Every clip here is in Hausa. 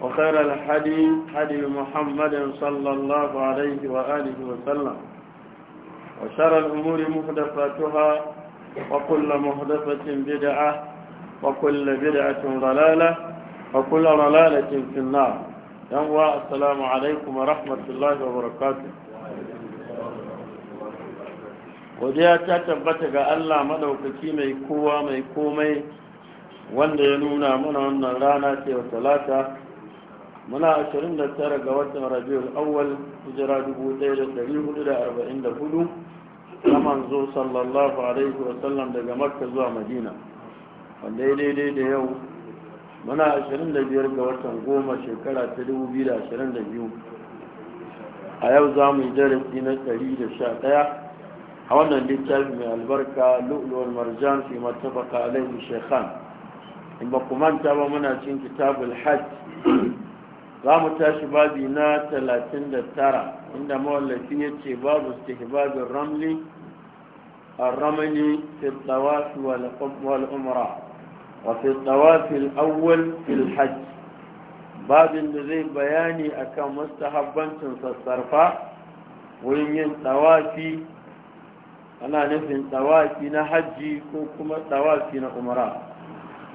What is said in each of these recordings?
وخير الحديث حديث محمد صلى الله عليه وآله وسلم وشر الأمور محدثاتها وكل محدثة بدعة وكل بدعة ضلالة وكل ضلالة في النار ينوى السلام عليكم ورحمة الله وبركاته godiya ta tabbata ga Allah madaukaki mai kowa mai komai wanda ya nuna mana wannan rana ce wa talata muna 29 ga watan rabiul awwal hijira 1444 na manzo sallallahu alaihi wa sallam daga makka zuwa madina wanda ya daidai da yau muna 25 ga watan goma shekara ta 2022 a yau za mu yi darasi na 111 a wannan littafi mai albarka lu'luwar marjan fi matafaka alaihi shekhan in ba ku manta ba muna cin kitabul hajj za mu tashi babi na talatin da tara, inda mawallafi ya ce babu su hibabin ramli a ramani filtawafi wal'umra um-, wa filtawafi al'awwal filhaj babin da zai bayani a kan mustahabbancin sassarfa wurin yin tsawafi ana nufin tsawafi na hajji ko kuma tsawafi na umara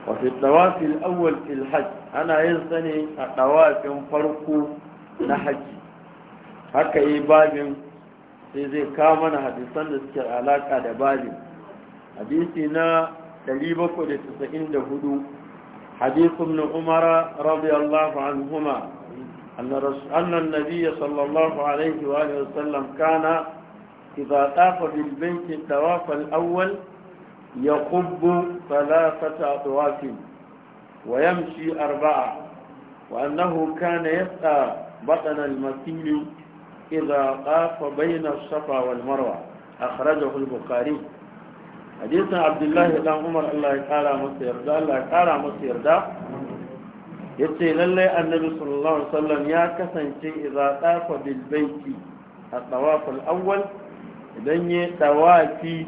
wa filtawafi al'awwal filhaj ana yin sa ne a ɗawafin farko na haji haka yi babin sai zai kama na hadisan da suke alaka da babin hadisi na 794 hadisun na umara radiyallahu anhuma أن النبي صلى الله عليه وآله وسلم كان إذا طاف بالبيت الطواف الأول يقب ثلاثة أطواف ويمشي أربعة وأنه كان يسعى بطن المسيل إذا قاف بين الصفا والمروة أخرجه البخاري حديث عبد الله بن عمر الله تعالى مصير دا الله تعالى مصير دا yace lallai annabi sallallahu alaihi wasallam ya kasance idza tafa bil baiti at-tawaf al-awwal idan ya tawafi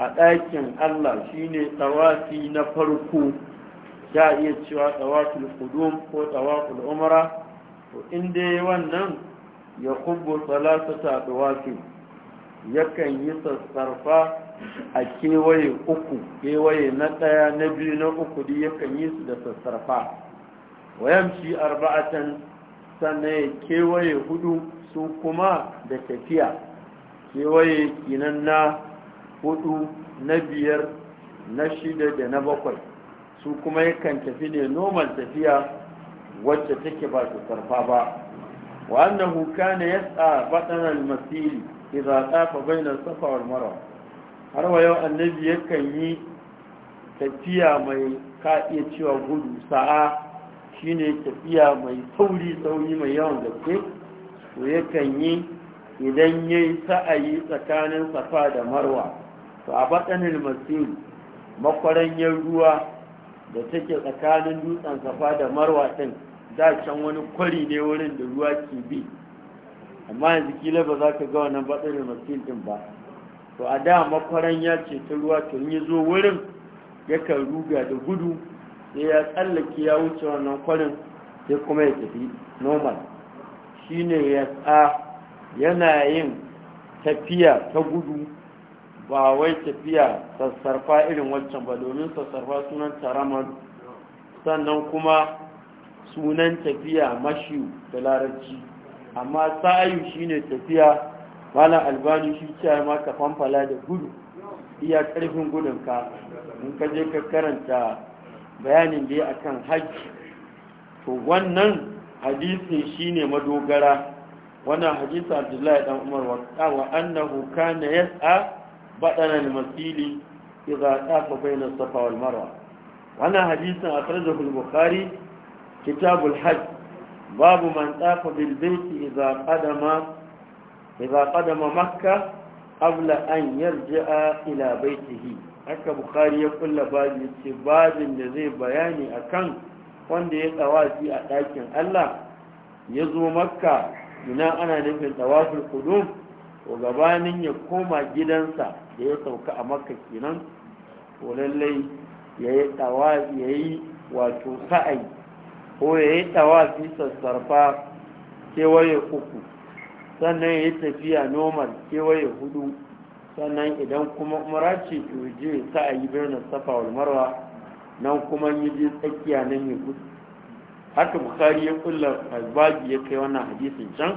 a ɗakin Allah shine tawafi na farko za a iya cewa tsawakul kudum ko tsawakul umara to inda ya wannan ya kubbo tsalata ta tsawakul yakan yi sassarfa a kewaye uku kewaye na ɗaya na biyu na uku da yakan yi su da sassarfa wayamci arba'atan sannan kewaye hudu su kuma da tafiya kewaye kinan na hudu na biyar na shida da na bakwai su kuma yakan tafi ne normal tafiya wacce take ba ta sarfa ba wa annahu kana yas'a batana al-masil idza tafa bayna safa wal marwa har wa yau annabi yakan yi tafiya mai ka cewa gudu sa'a shine tafiya mai sauri sauri mai yawan gaske to yakan yi idan yayi sa'ayi tsakanin safa da marwa to a al masil makwaranyar ruwa da take tsakanin dutsen safa da marwa ɗin da can wani kwari ne wurin da ruwa ke bi amma yanzu kila ba za ka ga wannan batsarin masu ɗin ba to a da makwaran ya ce ta ruwa to ya zo wurin ya kan ruga da gudu sai ya tsallake ya wuce wannan kwarin sai kuma ya tafi normal shine ya tsa yana yin tafiya ta gudu ba wai tafiya sassarfa irin wancan ba domin sassarfa sunan taraman sannan kuma sunan tafiya mashi da larabci amma sa'ayu shine tafiya malam albani shi cewa ma ka fanfala da gudu iya karfin gudunka in ka je ka karanta bayanin da ya akan hajji to wannan hadisin shine madogara wannan hadisin abdullahi dan umar wa annahu kana yas'a بدن المسيل إذا طاف بين الصفا والمروة وانا حديث أخرجه البخاري كتاب الحج باب من طاف بالبيت إذا قدم إذا قدم مكة قبل أن يرجع إلى بيته haka bukari ya kulla babi ce babin da zai bayani akan wanda ya tsawafi a ɗakin Allah ya zo makka ina ana nufin tsawafin kudum ko gabanin ya koma gidansa da ya sauka a makka kenan to lallai ya yi ya yi wato sa'ai ko ya yi tawafi sassarfa kewaye uku sannan ya yi tafiya normal kewaye hudu sannan idan kuma umara ce to je sa'ai bayan safa wal marwa nan kuma yi je tsakiya nan ya gudu haka bukari ya kulla albabi ya kai wannan hadisin can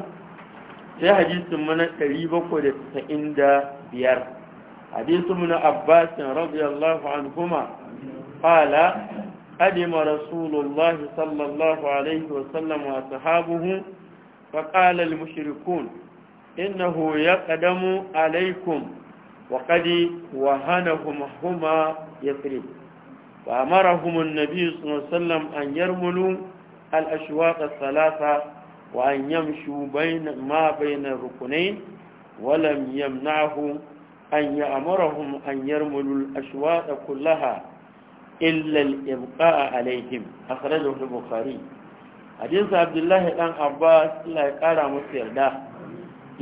sai hadisin mana 795 حديث من عباس رضي الله عنهما قال قدم رسول الله صلى الله عليه وسلم وأصحابه فقال المشركون إنه يقدم عليكم وقد وهنهم هما يثرب فأمرهم النبي صلى الله عليه وسلم أن يرملوا الأشواق الثلاثة وأن يمشوا بين ما بين الركنين ولم يمنعه an ya'murahum an yarmulul ashwada kullaha illa al-ibqa'a alaihim akhrajahu al-bukhari hadisi abdullahi dan abbas Allah ya kara musu yarda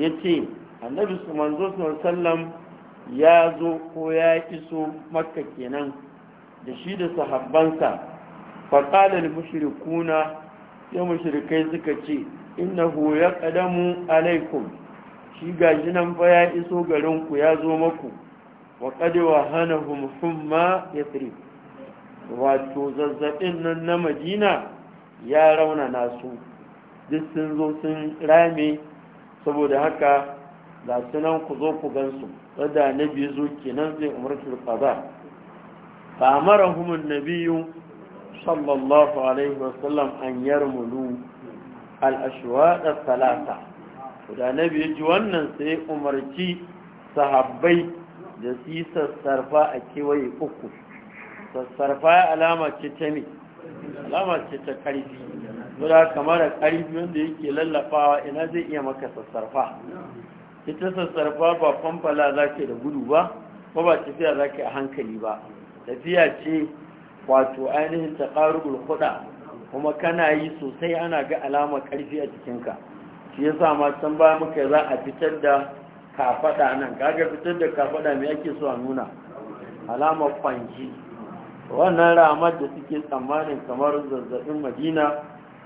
yace annabi su manzo sallallahu ya zo ko ya iso makka kenan da shi da sahabbansa faƙalar mashirikuna ya mashirikai suka ce innahu alaikum shi gashi nan fa ya iso garin ku ya zo maku wa qad hana humma yathrib wato zazzaɓin nan na Madina ya rauna nasu duk sun zo sun rame saboda haka ga su nan ku zo ku gansu wadda na ya zo kenan zai umarci kaza fa na biyu. sallallahu alaihi wasallam an yarmulu al-ashwaq da talata. da na ya ji wannan sai umarci sahabbai da su yi sassarfa a kewaye uku sassarfa alama ce ta ne alama ce ta karfi da kamar da karfi wanda yake lallafawa ina zai iya maka sassarfa ita sassarfa ba famfala za ke da gudu ba ko ba tafiya za ke a hankali ba tafiya ce wato ainihin taƙarubul kuɗa kuma kana yi sosai ana ga alama karfi a jikinka shi ya sa ma can baya muka za a fitar da kafada nan kaga fitar da kafada mai ake so a nuna alamar kwanji wannan ramar da suke tsammanin kamar zazzabin madina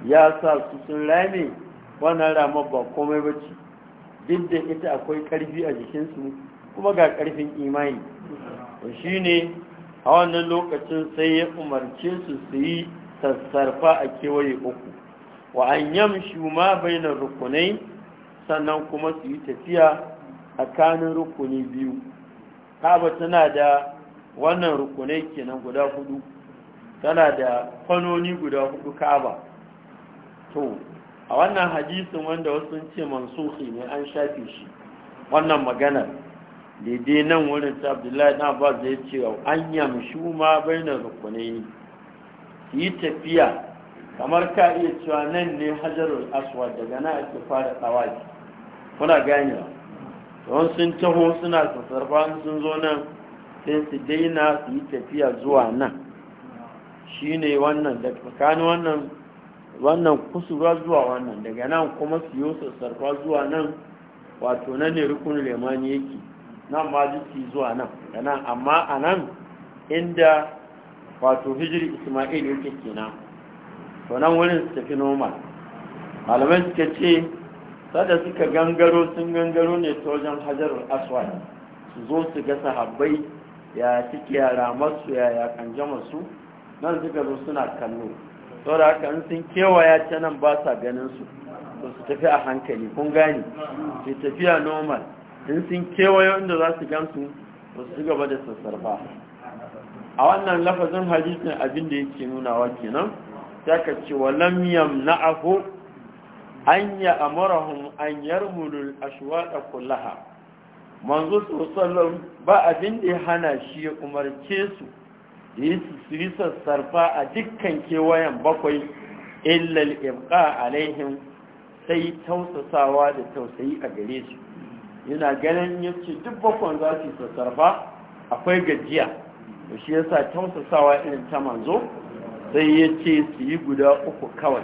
ya sa su sun rame wannan ramar ba komai ba ce duk da ita akwai karfi a jikinsu kuma ga karfin imani to shi ne a wannan lokacin sai ya umarce su su yi sassarfa a kewaye uku wa an yamshu ma bainar rukunai sannan kuma su yi tafiya tsakanin rukuni biyu kaba tana da wannan rukunai kenan guda hudu tana da kwanoni guda hudu kaba to a wannan hadisin wanda wasu sun ce mansuhi ne an shafe shi wannan maganar daidai nan wurin ta abdullahi na ba zai cewa an yamshu ma bainar rukunai yi tafiya kamar ka iya cewa nan ne hajarul aswad daga na ake fara tsawaki kuna ba don sun taho suna tsarfa sun zo nan sai su daina su yi tafiya zuwa nan shi ne wannan da tsakanin wannan wannan kusurwa zuwa wannan daga nan kuma su yi tsarfa zuwa nan wato nan ne rukunin lemani yake nan ma jiki zuwa nan daga nan amma a nan inda wato hijiri ismail yake kenan to nan wurin su tafi noma malamai suka ce sada suka gangaro sun gangaro ne ta wajen hajarar aswad su zo su ga sahabbai ya suke yara masu yaya kanjama su nan suka zo suna kallo saboda haka in sun kewaya ta nan ba sa ganin su to su tafi a hankali kun gani su tafiya normal in sun kewayo inda za su gansu, ba su gaba da sassarfa a wannan lafazin hadisin abin da yake nunawa kenan saka ce wa lam yamna'ahu an ya amurahum an yarmulul ashwaqa kullaha manzo sallallahu ba abin da ya hana shi ya umarce su yi su yi sassarfa a dukkan kewayen bakwai illal ibqa alaihim sai tausasawa da tausayi a gare su yana ganin yace duk bakwan za su sassarfa akwai gajiya shi yasa tausasawa irin ta manzo sai ya ce su yi guda uku kawai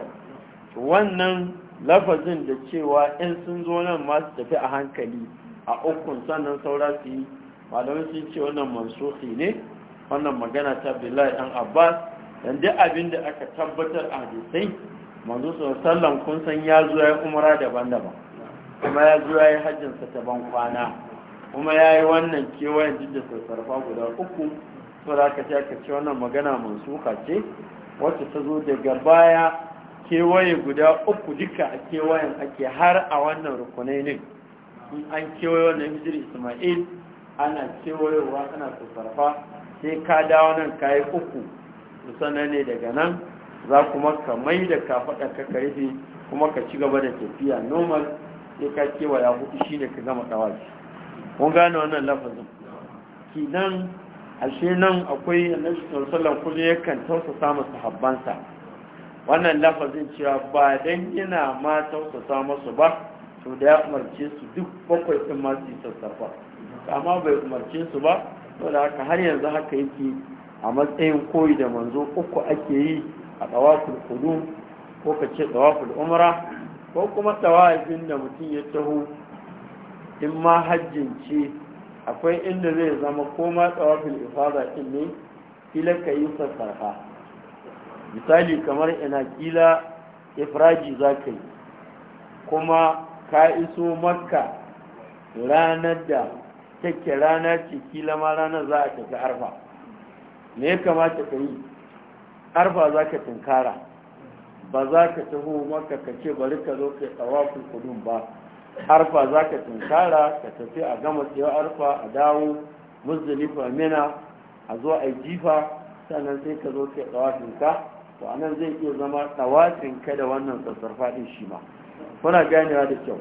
wannan lafazin da cewa in sun zo nan masu tafi a hankali a ukun sannan saura su yi malamai sun ce wannan mansuhi ne wannan magana ta bila'i ɗan abbas dan duk abin da aka tabbatar a hadisai manzo sallan kun san ya zo ya umara daban-daban kuma ya zo ya yi hajjinsa ta ban kwana kuma ya yi wannan kewayen duk da sassarfa guda uku to ka aka ce aka ce wannan magana suka ce wacce ta zo daga baya kewaye guda uku duka a kewayen ake har a wannan rukunai ne in an kewaye wannan hijir isma'il ana kewayewa ana sassarfa sai ka dawo nan kayi uku musana ne daga nan za kuma ka mai da ka faɗa ka karfi kuma ka ci gaba da tafiya normal sai ka kewaya hudu shi ne ka gama ɗawaci kun gane wannan lafazin kinan ashe nan akwai annabi sallallahu kullum yakan tausasa masa habbansa wannan lafazin cewa ba dan yana ma tausasa masu ba to da ya umarce su duk bakwai din ma su yi amma bai umarce su ba to da haka har yanzu haka yake a matsayin koyi da manzo uku ake yi a tawaful kudu ko ka ce tawaful umra ko kuma tsawafin da mutum ya taho in ma hajjin ce akwai inda zai zama koma tsawafin ifada ɗin ne kila ka yi sassarfa misali kamar ina kila ifraji za ka yi kuma ka iso makka ranar da take rana ce kila ma ranar za a tafi arfa me ya kamata ka yi arfa za ka tunkara ba za ka taho maka ka ce bari ka zo ka yi tsawafin kudin ba arfa za ka tunkara ka tafi a gama tsaye arfa a dawo muzdalifa mina a zo a jifa sannan sai ka zo ka tsawafin ka to anan zai iya zama tsawafin ka da wannan sassarfa din shi ma kuna ganewa da kyau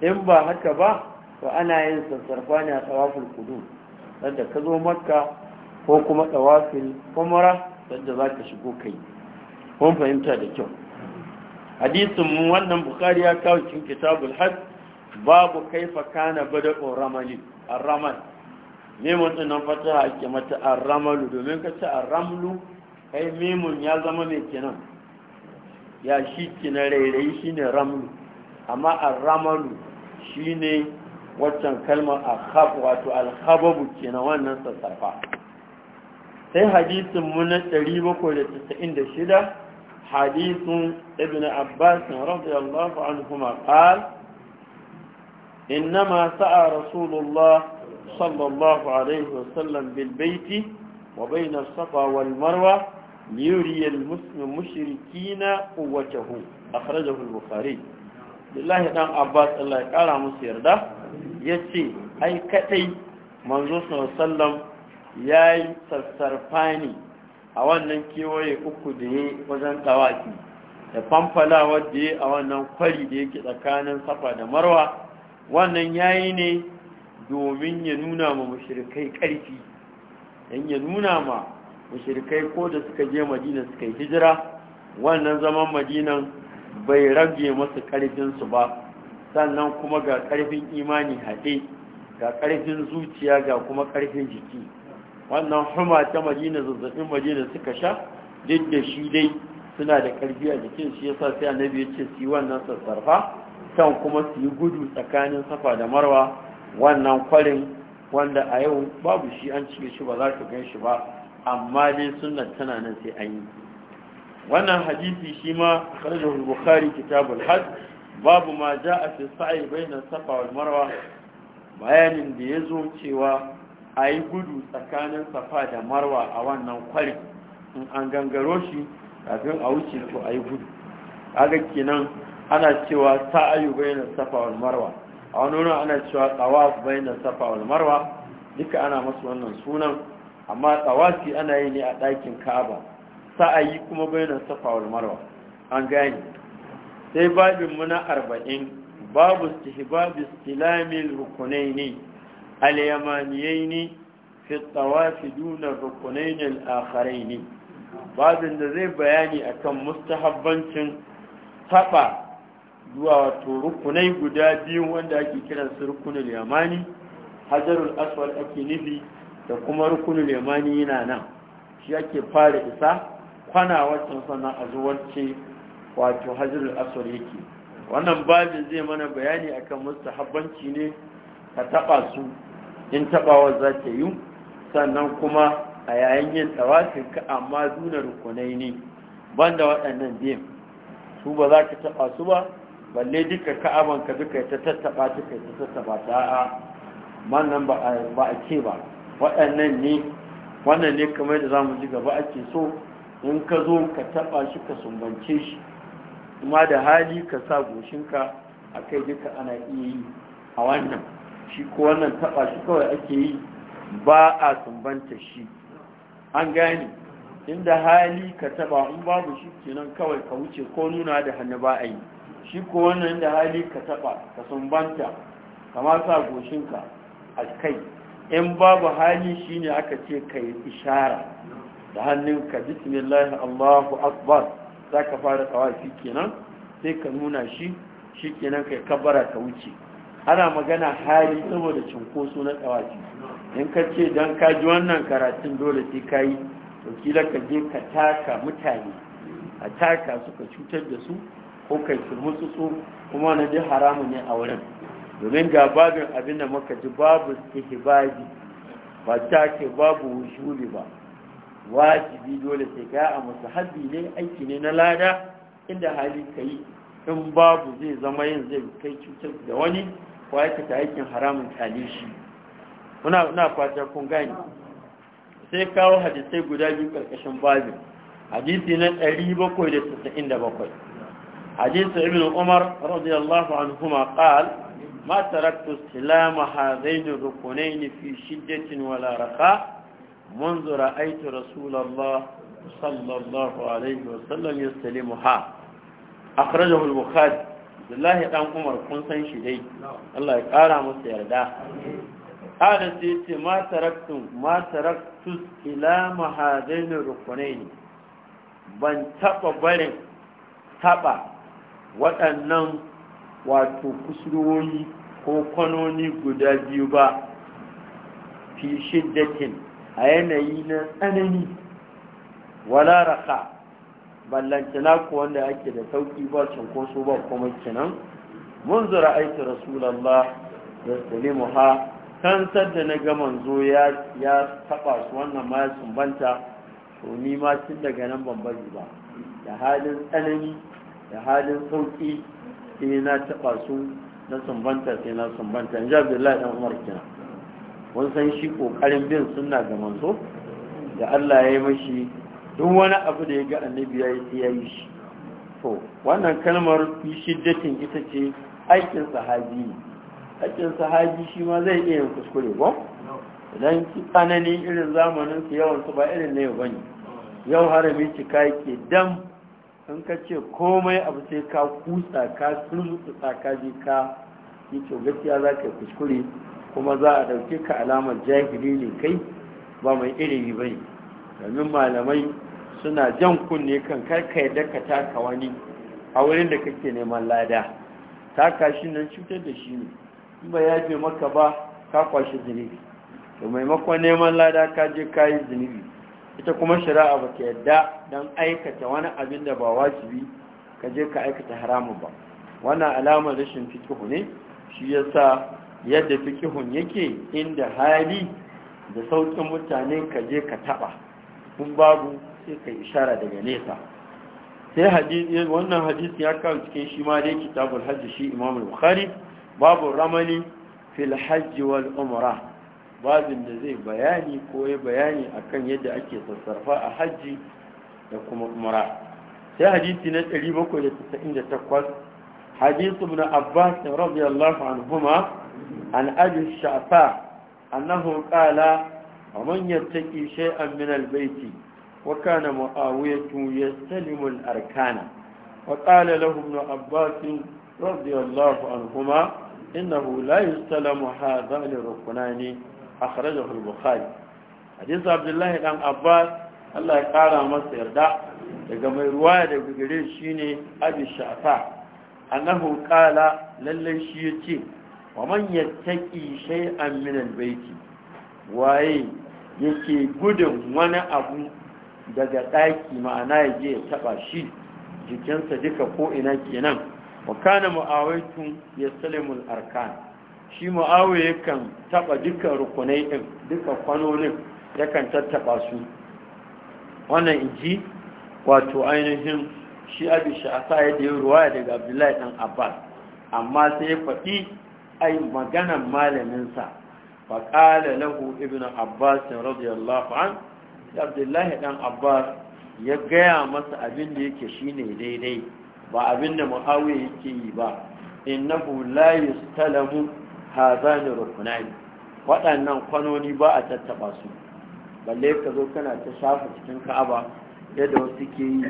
in ba haka ba to ana yin sassarfa ne a tsawafin kudu sanda ka zo makka ko kuma tsawafin kumara sanda za ka shigo kai kun fahimta da kyau hadisin mu wannan bukari ya kawo cikin kitabul hajj babu kaifa kana bada ramali arramal mimun din nan fata ake mata arramalu domin ka ce arramlu kai memun ya zama mai kenan ya shi kina rairayi shine ramlu amma arramalu shine waccan kalmar akhab wato alkhababu kenan wannan sassafa sai hadisin mu na 796 hadisun ibn abbas radiyallahu anhu ma qala إنما سعى رسول الله صلى الله عليه وسلم بالبيت وبين الصفا والمروة ليري المشركين قوته أخرجه البخاري لله دان عباس الله قال مصير ده يتي أي كتي منذ صلى الله عليه وسلم ياي سرسرفاني a wannan kewaye وزن تواكي ya wajen tawaki da famfala wadda ya a wannan kwari da yake tsakanin safa da marwa wannan yayi ne domin ya nuna ma mushrikai ƙarfi dan ya nuna ma mushrikai ko da suka je Madina suka yi hijira wannan zaman Madinan bai rage masu ƙarfinsu ba sannan kuma ga ƙarfin imani haɗe ga ƙarfin zuciya ga kuma ƙarfin jiki wannan huma ta Madina zazzabin Madina suka sha duk da shi dai suna da ƙarfi a jikin shi yasa sai annabi ya ce si wannan sassarfa can kuma su yi gudu tsakanin safa da marwa wannan kwarin wanda a yau babu shi an cike shi ba za su gan shi ba amma dai sunan tana nan sai an yi wannan hadisi shi ma karjahul bukhari kitabul hajj babu ma ja'a fi sa'i bainas safa wal marwa bayanin da ya zo cewa a yi gudu tsakanin safa da marwa a wannan kwarin, in an gangaro shi kafin a wuce to a yi gudu kaga kenan ana cewa sa'ayu bayyana safa wal marwa a wani wurin ana cewa tawaf bayyana safa wal marwa duka ana masu wannan sunan amma tawafi ana yi ne a ɗakin Ka'aba sa'ayi kuma bayyana safa wal marwa an gani. sai babin muna na 40 babu istihbab istilamil rukunaini al-yamaniyaini fi tawafi duna rukunaini al-akharaini babin da zai bayani akan mustahabbancin taba zuwa wato rukunai guda biyu wanda ake kiran su rukunul yamani hajarul aswal ake nufi da kuma rukunin yamani yana nan shi ake fara isa kwana wancan sannan a wato hajarul aswal yake wannan babin zai mana bayani akan mustahabbanci ne ka taba su in tabawa za ta yi sannan kuma a yayin yin tawafin ka amma duna rukunai ne banda waɗannan biyan su ba za ka taba su ba balle duka ka'aban ka duka ta tattaba duka ta tattaba ta a wannan ba a ce ba waɗannan ne wannan ne kamar da zamu ji gaba ake so in ka zo ka taba shi ka sumbance shi kuma da hali ka sa goshinka a kai duka ana iya yi a wannan shi ko wannan taba shi kawai ake yi ba a sumbanta shi an gane inda hali ka taɓa in babu shi kenan kawai ka wuce ko nuna da hannu ba a yi shi ko wannan da hali ka taba ka sumbanta kamar sa goshinka a kai in babu hali shine aka ce kai ishara da hannunka bismillah Allahu akbar zaka fara tsawafi kenan sai ka nuna shi shi kenan kai kabbara ka wuce ana magana hali saboda cinkoso na tsawafi in ka ce don ka ji wannan karatun dole sai ka yi to kila ka je ka taka mutane a taka suka cutar da su ko su mutsutsu kuma na ji haramun ne a wurin domin ga babin abin da muka ji babu istihbabi ba ta ke babu wushuri ba wajibi dole sai ka a haddi ne aiki ne na lada inda hali ka yi in babu zai zama yin zai kai cutar da wani ko aikata aikin haramun kyale shi muna fata kun gani sai kawo hadisai guda biyu karkashin babin hadisi na 797 حديث ابن عمر رضي الله عنهما قال ما تركت استلام هذين الركنين في شدة ولا رخاء منذ رأيت رسول الله صلى الله عليه وسلم يستلمها أخرجه البخاري عبد الله بن عمر كن سان شي dai Allah ya kara masa yarda hada sai ce ma taraktu ma taraktu ila mahadain rukunain ban taba barin taba waɗannan wato kusurwoyi ko kwanoni guda biyu ba fi shiddatin a yanayi na tsanani wala raka ballantana ku wanda ake da sauki ba cunkoso ba kuma kenan mun zura aiki rasulallah da Salimu ha kansar da na ga manzo ya taɓa su wannan ma ya sumbanta to ni ma tun daga nan ban bari ba da halin tsanani da halin sauki sai na taba su na sumbanta sai na sumbanta in ji abdullahi dan umar kina wani san shi ƙoƙarin bin suna ga manzo da Allah ya yi mashi duk wani abu da ya ga annabi ya yi sai ya yi shi to wannan kalmar shiddatin ita ce aikin sahabi ne aikin sahabi shi ma zai iya yin kuskure ba idan ki tsananin irin zamanin su yawan su ba irin na yau bane yau harami cika yake dam in ka ce komai abu sai ka kusa ka surmutsa ka je ka yi to gaskiya za ka kuskure kuma za a ɗauke ka alamar jahili ne kai ba mai ilimi ba ne domin malamai suna jan kunne kan karka yadda ka taka wani a wurin da kake neman lada taka shi nan cutar da shi ne in ba ya je maka ba ka kwashe zunubi to maimakon neman lada ka je ka yi zunubi ita kuma shari'a ba ta yadda don aikata wani abin da ba wajibi ka je ka aikata haramun ba wannan alamar rashin fikihu ne shi sa yadda fikihun yake inda hali da sauƙin mutane ka je ka taɓa kun babu sai ka ishara daga nesa sai wannan hadisi ya kawo cikin shi ma dai kitabul hajji shi imamul bukhari babu ramani fil hajji wal umrah babin da zai bayani ko ya bayani akan yadda ake sassarfa a hajji da kuma umara sai hadisi na 798 hadisi na abbas radiyallahu anhuma an abi sha'fa annahu qala ومن يتقي شيئا ya البيت وكان معاوية يستلم الأركان وقال له ابن عباس رضي الله عنهما إنه لا يستلم هذا لركنان akhrajahu al-bukhari hadisi abdullahi dan abbas Allah ya kara masa yarda daga mai ruwaya da gare shine abi shafa annahu qala lalle shi yace wa man yattaqi shay'an min al-bayti waye yake gudun wani abu daga daki ma'ana yaje ya taba shi jikinsa duka ko ina kenan wa kana mu'awaitu yasalimul arkan shi mu'awiya yakan taba dukkan rukunai din dukkan kwanonin yakan tattaba su wannan inji wato ainihin shi abi sha'asa ya ruwa ruwaya daga abdullahi dan abbas amma sai ya faɗi ai maganan malaminsa faƙala lahu ibn abbas radiyallahu an abdullahi dan abbas ya gaya masa abin da yake shine daidai ba abin da yake yi ba innahu la yustalamu hazani rukunani waɗannan kwanoni ba a tattaba su balle ka zo kana ta shafa cikin ka'aba yadda wasu ke yi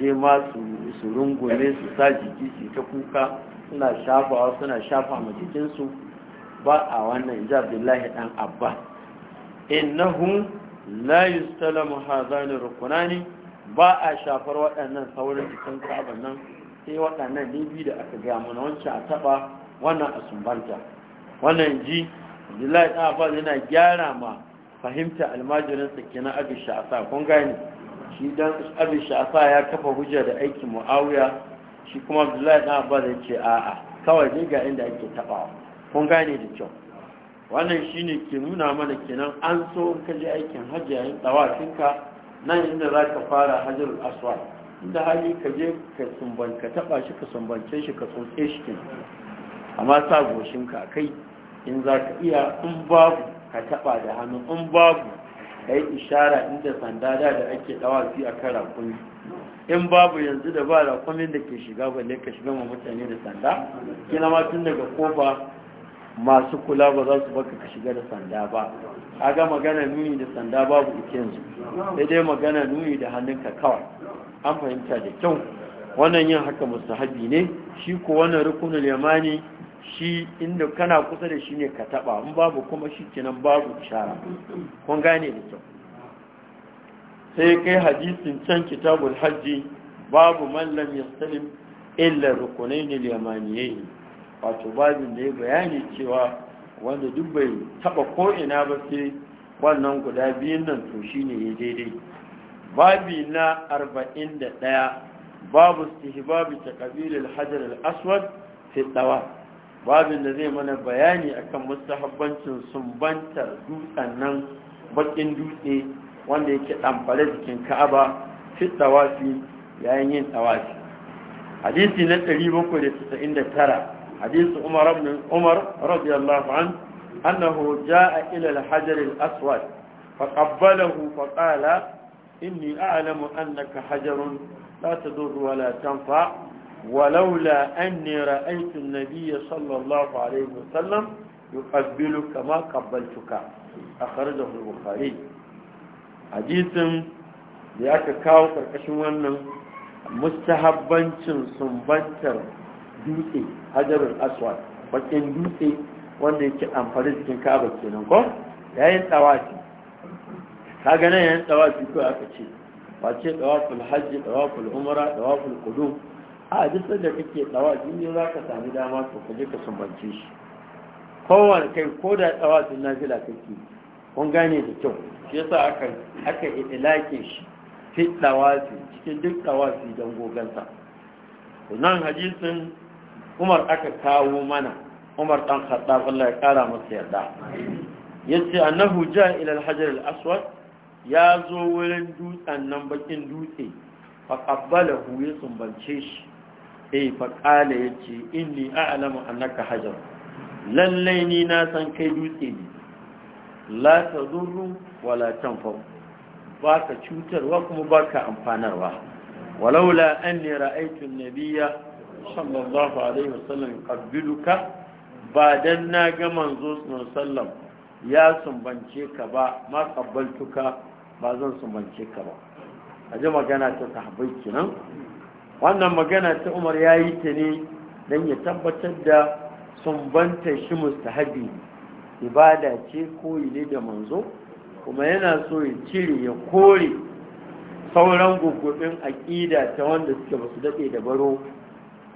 je ma su rungume su sa jiki su ta kuka suna shafawa suna shafa ma jikinsu ba a wannan inji lahi dan abba innahu la yustalamu hazani rukunani ba a shafar waɗannan saurin jikin ka'aba nan sai waɗannan ne biyu da aka gaya mana wancan a taɓa wannan a sumbanta wannan ji abdullahi ɗan yana gyara ma fahimta almajirinsa kenan abu sha'asa kun gane shi dan abu sha'asa ya kafa hujja da aikin mu'awiya shi kuma abdullahi ɗan ya ce a'a kawai dai ga inda ake taɓawa kun gane da kyau wannan shine ke nuna mana kenan an so in ka je aikin hajji yayin tsawafinka nan inda za ka fara hajjar aswa inda hali ka je ka ka taɓa shi ka sumbance shi ka tsotse shi kenan amma sa goshinka kai in za ka iya in babu ka taɓa da hannu in babu ka yi ishara inda sanda da da ake ɗawafi a kan rakumi in babu yanzu da ba rakumin da ke shiga balle ka shiga ma mutane da sanda kila ma tun daga kofa masu kula ba za su baka ka shiga da sanda ba a ga magana nuni da sanda babu ikensu sai dai magana nuni da ka kawai an fahimta da kyau wannan yin haka mustahabi ne shi ko wannan rukunin yamani shi inda kana kusa da shi ne ka taba in babu kuma shi kenan babu shara kun gane da kyau sai kai hadisin can kitabul hajji babu man lam yastalim illa rukunayn al-yamaniyayn wato babin da ya bayani cewa wanda duk bai taba ko'ina ba sai wannan guda biyun nan to shi ne ya daidai babi na 41 babu istihbab taqbil al-hajar aswad fi tsawa. babin da zai mana bayani akan mustahabbancin sumbantar dutsen nan bakin dutse wanda yake ɗamfare jikin ka'aba fi yayin yin tsawafi hadisi na 799 hadisi umar ibn umar radiyallahu an annahu jaa ila al-hajar al-aswad faqabbalahu faqala inni a'lamu annaka hajarun la tadur wa la tanfa' ولولا أني رأيت النبي صلى الله عليه وسلم يقبل كما قبلتك أخرجه البخاري حديث da aka kawo ƙarƙashin wannan mustahabbancin sumbantar dutse hajarul aswad bakin dutse wanda yake amfani cikin kaba kenan ko yayin tsawafi kaga ya yayin tsawafi ko aka ce wace tsawaful hajji tsawaful umara tsawaful Kudu. a duk da kake tsawa jini za ka sami dama to ka ka sumbance shi kowane kai ko da tsawa sun nafila kake kun gane da kyau shi yasa aka aka ilake shi fi tsawafi cikin duk tsawafi don gogansa nan hadisin umar aka kawo mana umar dan khattab Allah ya kara masa yarda yace annahu jaa ila al-hajar al-aswad ya zo wurin dutsen nan bakin dutse fa qabbalahu ya sumbance shi eh faƙala ya ce inni a'alamu annaka hajar lallai ni na san kai dutse ne la ta zurru wala fa ba ka cutarwa kuma ba ka amfanarwa walaula an ne ra'aitun nabiya sallallahu alaihi wasallam qabbiluka ba dan na ga manzo sallam ya sumbance ka ba ma qabbaltuka ba zan sumbance ka ba a ji magana ta sahabbai kenan wannan magana ta umar ya yi ta ne don ya tabbatar da sumbanta shi mustahabi ibada ce koyi ne da manzo kuma yana so ya cire ya kore sauran gugubin aƙida ta wanda suke basu daɗe da baro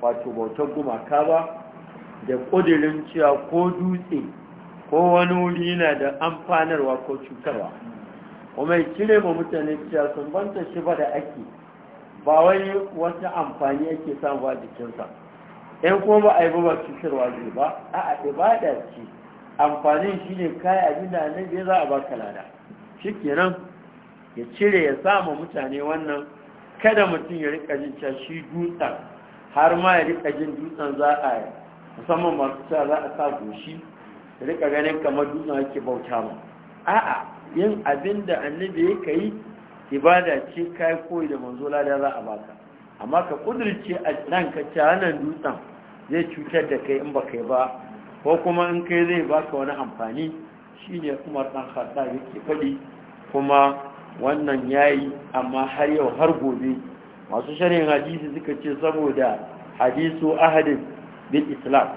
wato bautar gumaka ba da ƙudurin cewa ko dutse ko wani wuri yana da amfanarwa ko cutarwa kuma ya cire ma mutane cewa sumbanta shi ba da ake ba wai wata amfani yake samu a jikinsa in kuma ba a yi ba cutarwa zai ba a a ibada ce amfanin shi ne kayan abin da nan bai za a ba ka lada shi kenan ya cire ya samu mutane wannan kada mutum ya rika jin cewa shi dutsen har ma ya rika jin dutsen za a yi musamman masu cewa za a sa goshi ya rika ganin kamar dutsen ake bauta ma a'a yin abin da annabi ya yi ibada ce kai koyi da manzo lada za a baka amma ka kudirce a nan ka ci dutsen zai cutar da kai in ba kai ba ko kuma in kai zai baka wani amfani shi ne umar ɗan yake faɗi kuma wannan yayi yi amma har yau har gobe masu sharhin hadisi suka ce saboda hadisu ahadin bin islam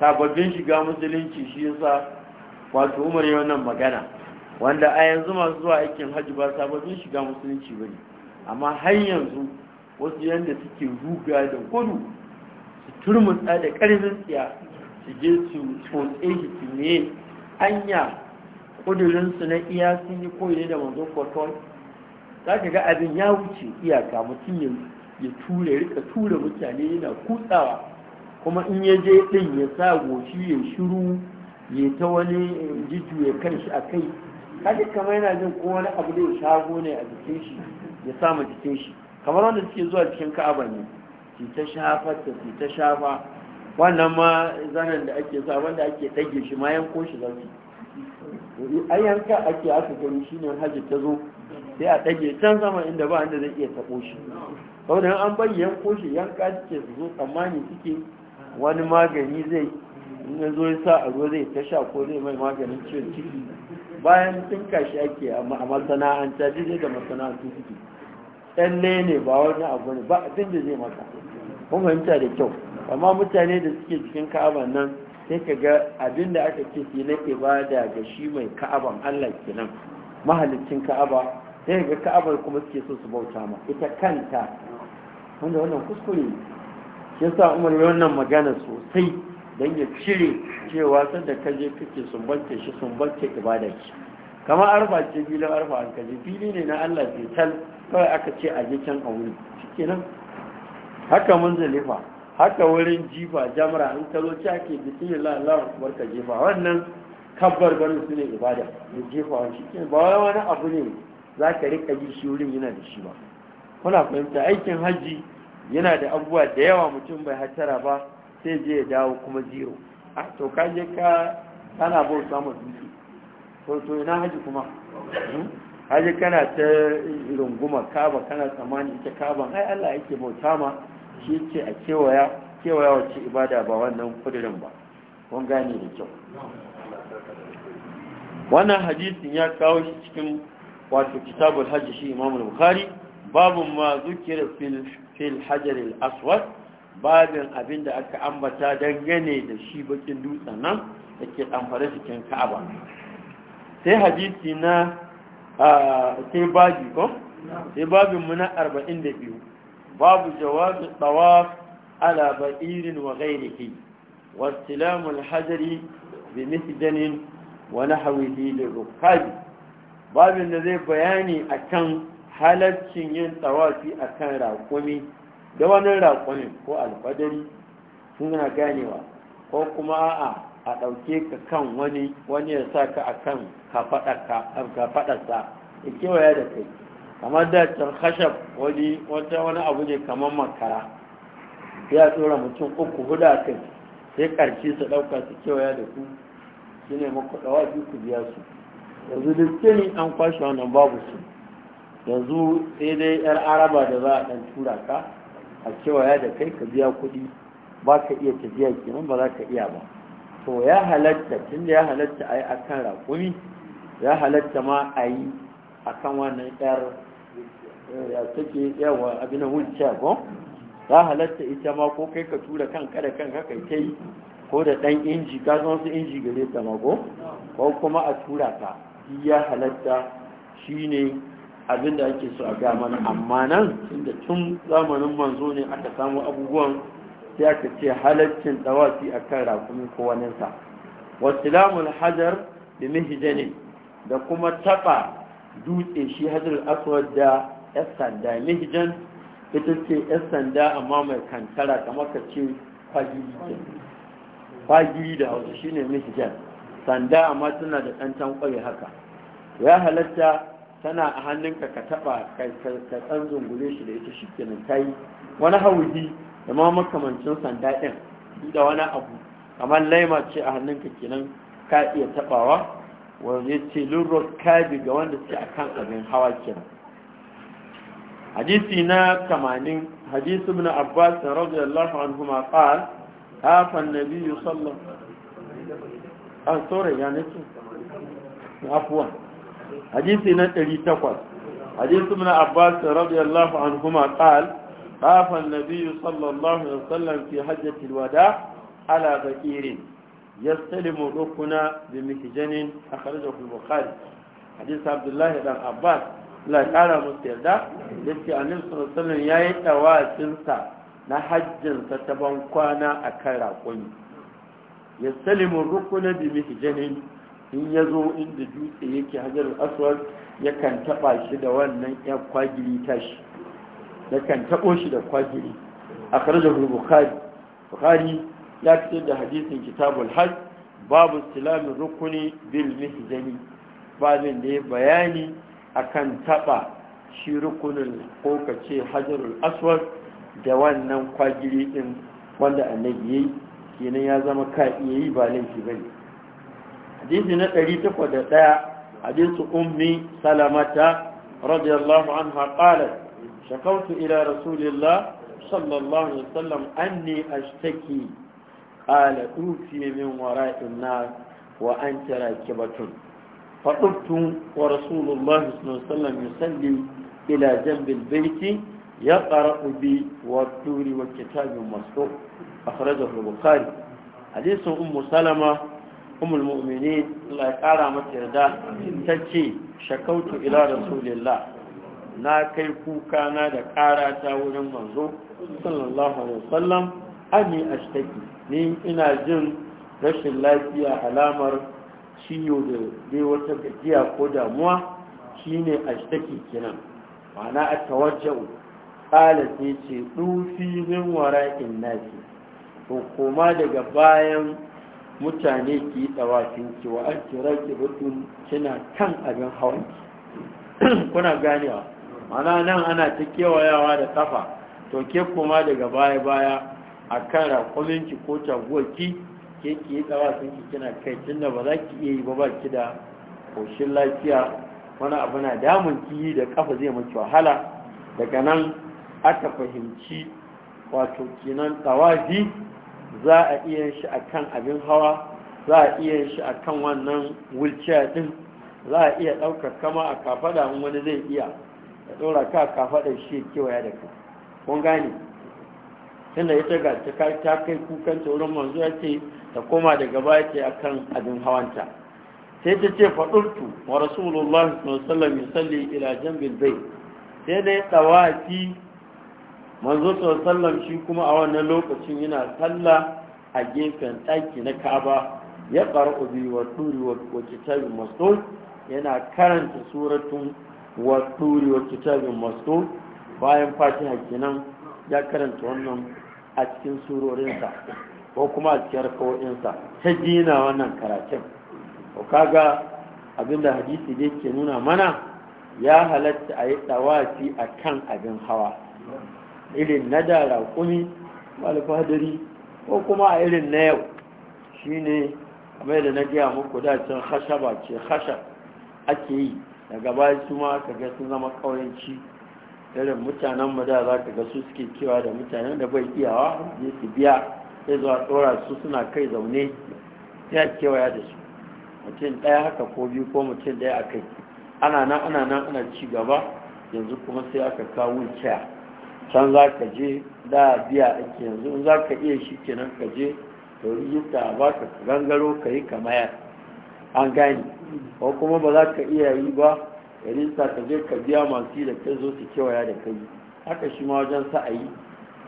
sababbin shiga musulunci shi yasa wato umar yi wannan magana wanda a yanzu masu zuwa aikin hajji ba sababbin shiga musulunci ba ne amma har yanzu wasu yadda suke ruga da gudu su turmusa da ƙarfin tsiya su je su tsotse shi su ne hanya ƙudurinsu na iya sun yi koyi da manzo kwaton za ka ga abin ya wuce iyaka mutum ya ture rika ture mutane yana kutsawa kuma in ya je ɗin ya sa goshi ya shiru ya ta wani kan shi a kai kaji kamar yana jin ko wani abu da ya shago ne a jikin shi ya samu jikin shi kamar wanda suke zuwa cikin ka'aba ne su ta shafa ta ta shafa wannan ma zanen da ake sa wanda ake ɗage shi ma yanko shi za su ai yanka ake aka gani shi ne hajji ta zo sai a dage can sama inda ba inda zai iya tabo shi saboda an bar yanko shi yanka suke su zo tsammani suke wani magani zai in ya zo ya sa a ruwa zai ta sha ko zai mai maganin ciwon ciki bayan tunka shi ake a masana'anta daidai da masana'antu suke tsalle ne ba wani abu ne ba abin da zai maka kuma fahimta da kyau amma mutane da suke cikin ka'aban nan sai ka ga abin da aka ce su na ibada ga shi mai ka'aban allah ke nan. mahalicin ka'aba sai ga ka'abar kuma suke so su bauta ma ita kanta wanda wannan kuskure ne shi yasa umar wannan magana sosai don ya cire cewa sun da kaje kake sumbance shi sumbance ibada ce kama arfa ce filin arfa an kaje fili ne na Allah sai tal kawai aka ce a can a wuri shikenan haka mun zalifa haka wurin jifa jamra an kalo ci ake bismillah Allahu akbar ka jifa wannan kabbar garin su ne ibada ne jefa wa shi ba wani abu ne za ka rika yi shi wurin yana da shi ba kuna fahimta aikin hajji yana da abubuwa da yawa mutum bai hatara ba sai je ya dawo kuma zero a ah, to ka ka kana bauta ma dutse to to ina haji kuma haji hmm? kana ta runguma kaba kana tsammani ita kaban ai Allah yake bauta ma shi yake a kewaya kewaya wacce ibada ba wannan kudirin ba kun gane da kyau wannan hadisin ya kawo shi cikin wato kitabul hajji shi imam bukhari babu ma zukira fil fil hajar al aswad babin abin da aka ambata dangane da shi bakin dutsen nan da ke ɗamfare cikin ka'aba sai hadisi na sai babi ko sai babin mu na 42 babu jawabi tsawaf ala ba'irin wa gairiki واستلام wani hawili da للركاب babin da zai bayani a kan halaccin yin tsawafi a kan rakumi da wani raƙonin ko alfadari suna ganewa ko kuma a a ɗauke ka kan wani wani ya sa ka a kan kafaɗarsa ya kewaya da kai kamar da can hashab wani wata wani abu ne kamar makara ya tsora mutum uku hudu a kai sai ƙarshe su ɗauka su kewaya da ku shi ne makwaɗawa biyu ku biya su yanzu da ni an kwashe wannan babu su yanzu sai dai yar araba da za a ɗan tura ka a ya da kai ka biya kuɗi ba ka iya tafiya kenan ba za ka iya ba to ya halatta tun da ya halatta a yi a kan raƙumi ya halatta ma a yi a kan wannan yar eh, ya take yawa abin wuce ba ya halatta ita ma ko kai ka tura kan kada kan ka kai kai ko da ɗan inji ka san wasu inji gare ta ma ko kuma a tura ta ya halatta shine abin da ake so a ga mana amma nan inda tun zamanin manzo ne aka samu abubuwan sai aka ce halaccin dawafi akan rakumin ko waninsa wasilamul hajar da ne, da kuma taba dutse shi hajar aswad da yan sanda mihjan ita ce yan sanda amma mai kantara kamar ka ce kwagiri da hausa Shi ne mihjan sanda amma tana da ɗan tankwai haka ya halatta tana a hannunka ka taba ka tsan zungule shi da ita shi ta yi. wani hauji da ma makamancin sanda ɗin da wani abu kamar laima ce a hannunka kenan ka iya tabawa wanda ce lurro kabi ga wanda ce a kan abin hawa kenan hadisi na kamanin hadisi ibn abbas rabu anhuma qala afa an hafan na biyu sallon an ah, tsoron ya nake hadisi na 108 hadisi min abbas radiyallahu anhu ma qal qafa an-nabiyyu sallallahu alaihi wasallam fi hajjati al-wada ala bakirin yastalimu dukuna bi mihjanin akhrajahu al-bukhari hadisi abdullah ibn abbas la kana mustarda yace annabi sallallahu yayi tawasin sa na hajjin sa ta ban kwana akan rakuni yastalimu dukuna bi mihjanin in ya zo inda dutse yake hajarul aswad kan taɓa shi da wannan yan kwagiri tashi ya kan taɓo shi da kwagiri a karjar bukhari bukhari ya fitar da hadisin kitabul hajj babu silamin rukuni bil mihjani babin da ya bayani akan taɓa shi rukunin ko kace hajarul aswad da wannan kwagiri din wanda annabi yayi kenan ya zama ka iya yi ba laifi bane حديث نتري تفدتا حديث أمي سلامتا رضي الله عنها قالت شكوت إلى رسول الله صلى الله عليه وسلم أني أشتكي قال أوفي من وراء النار وأنت راكبة فقلت ورسول الله صلى الله عليه وسلم يسلم إلى جنب البيت يقرأ بي والدور والكتاب المصدوق أخرجه البخاري حديث أم سلمة umul mu'mini Allah ya kara mata yarda ta ce shakautu ila rasulillah na kai kuka na da kara ta wurin manzo sallallahu alaihi wasallam ani ashtaki ni ina jin rashin lafiya alamar ciwo da dai wata gajiya ko damuwa shine ashtaki kenan ma'ana atawajja'u qala sai ce dufi min wara'in nasi to koma daga bayan mutane ki yi tsawafin ki wa an kira ki rukun kina kan abin hawan kuna ganewa mana nan ana ta kewayawa da kafa to ke kuma daga baya baya a kan rakumin ki ko taguwarki ke ki yi tsawafin kina kai tunda ba za ki iya yi ba ba ki da koshin lafiya wani abu na damun ki yi da kafa zai miki wahala daga nan aka fahimci wato kinan tsawafi za a iya shi a kan abin hawa za a iya shi a kan wannan wulciya din za a iya ɗaukar kama a kafada in wani zai iya ya tsora ka kafada shi kewaya da kai. kun gane tunda ita ga ta kai kukan wurin manzo ya ce ta koma daga baya ce akan abin hawanta sai ta ce faɗurtu wa rasulullah sallallahu alaihi wasallam yusalli ila jambil bai sai dai manzo sallam shi kuma a wannan lokacin yana sallah a gefen ɗaki na ka'aba ya ƙar'u bi wa turi wa kitabin mastur yana karanta suratun wa turi wa kitabin mastur bayan fatiha kenan ya karanta wannan a cikin surorinsa ko kuma a cikin rakawoyinsa ta gina wannan karatun ko kaga abinda hadisi da yake nuna mana ya halatta a yi tsawafi a kan abin hawa irin na da raƙumi alfadari ko kuma a irin na yau shi ne mai da na gaya muku da dacin hashaba ce hasha ake yi daga baya su ma ka ga sun zama kawanci irin mutanen mu da za ka ga su suke kewa da mutanen da bai iyawa ne su biya sai zuwa tsora su suna kai zaune ya kewaya da su mutum ɗaya haka ko biyu ko mutum ɗaya a kai ana nan ana nan ana ci gaba yanzu kuma sai aka kawo caya San za ka je da biya ake yanzu in za ka iya shi kenan ka je to rijista ba ka gangaro ka yi kamaya an gani ko kuma ba za ka iya yi ba ka ka je ka biya masu da ke zo su kewaya da kai haka shi ma wajen sa'ayi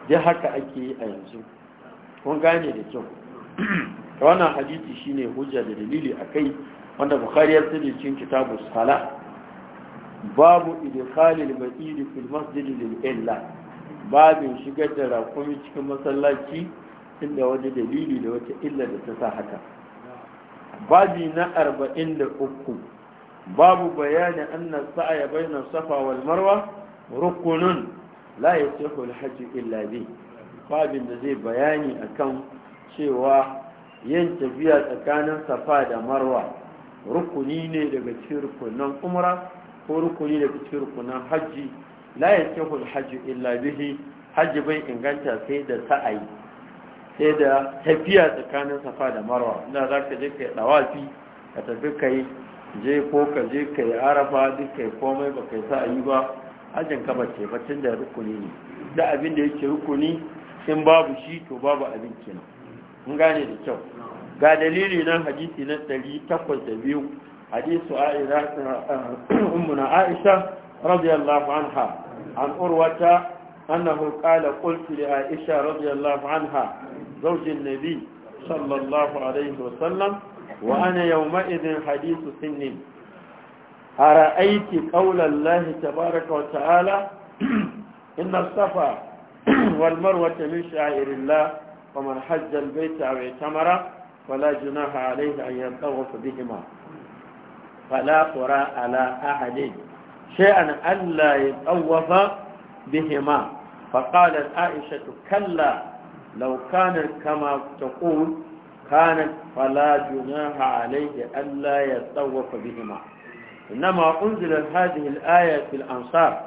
dai haka ake yi a yanzu kun gane da kyau wannan hadisi shine hujja da dalili kai, wanda bukari ya sani cin kitabu sala babu Khalil, ba'id fil masjid lil illa babin shigar da rakumi cikin masallaci inda wani dalili da wata illa da ta sa haka babi na arba'in da uku babu bayanin annan sa'aya bainar safa wal marwa rukunun la yasihu alhaji illa bi babin da zai bayani akan cewa yin tafiya tsakanin safa da marwa rukuni ne daga cikin rukunan umra ko rukuni daga cikin rukunan hajji la yankihu alhajj illa bihi hajji bai inganta sai da sa'ayi sai da tafiya tsakanin safa da marwa inda za ka je ka yi dawafi ka tafi ka yi je ko ka je ka yi arafa duk ka yi komai ba ka yi sa'ayi ba hajjin ka ba bacin da rukuni ne da abin da yake rukuni in babu shi to babu abin kenan in gane da kyau ga dalili nan hadisi na biyu hadisu a'ira ummuna aisha رضي الله عنها عن أروة أنه قال قلت لعائشة رضي الله عنها زوج النبي صلى الله عليه وسلم وأنا يومئذ حديث سن أرأيت قول الله تبارك وتعالى إن الصفا والمروة من شعائر الله ومن حج البيت أو اعتمر فلا جناح عليه أن يطوف بهما فلا قراء على أحد شيئا ألا يتطوف بهما فقالت عائشة كلا لو كانت كما تقول كانت فلا جناح عليه ألا يتطوف بهما إنما أنزلت هذه الآية في الأنصار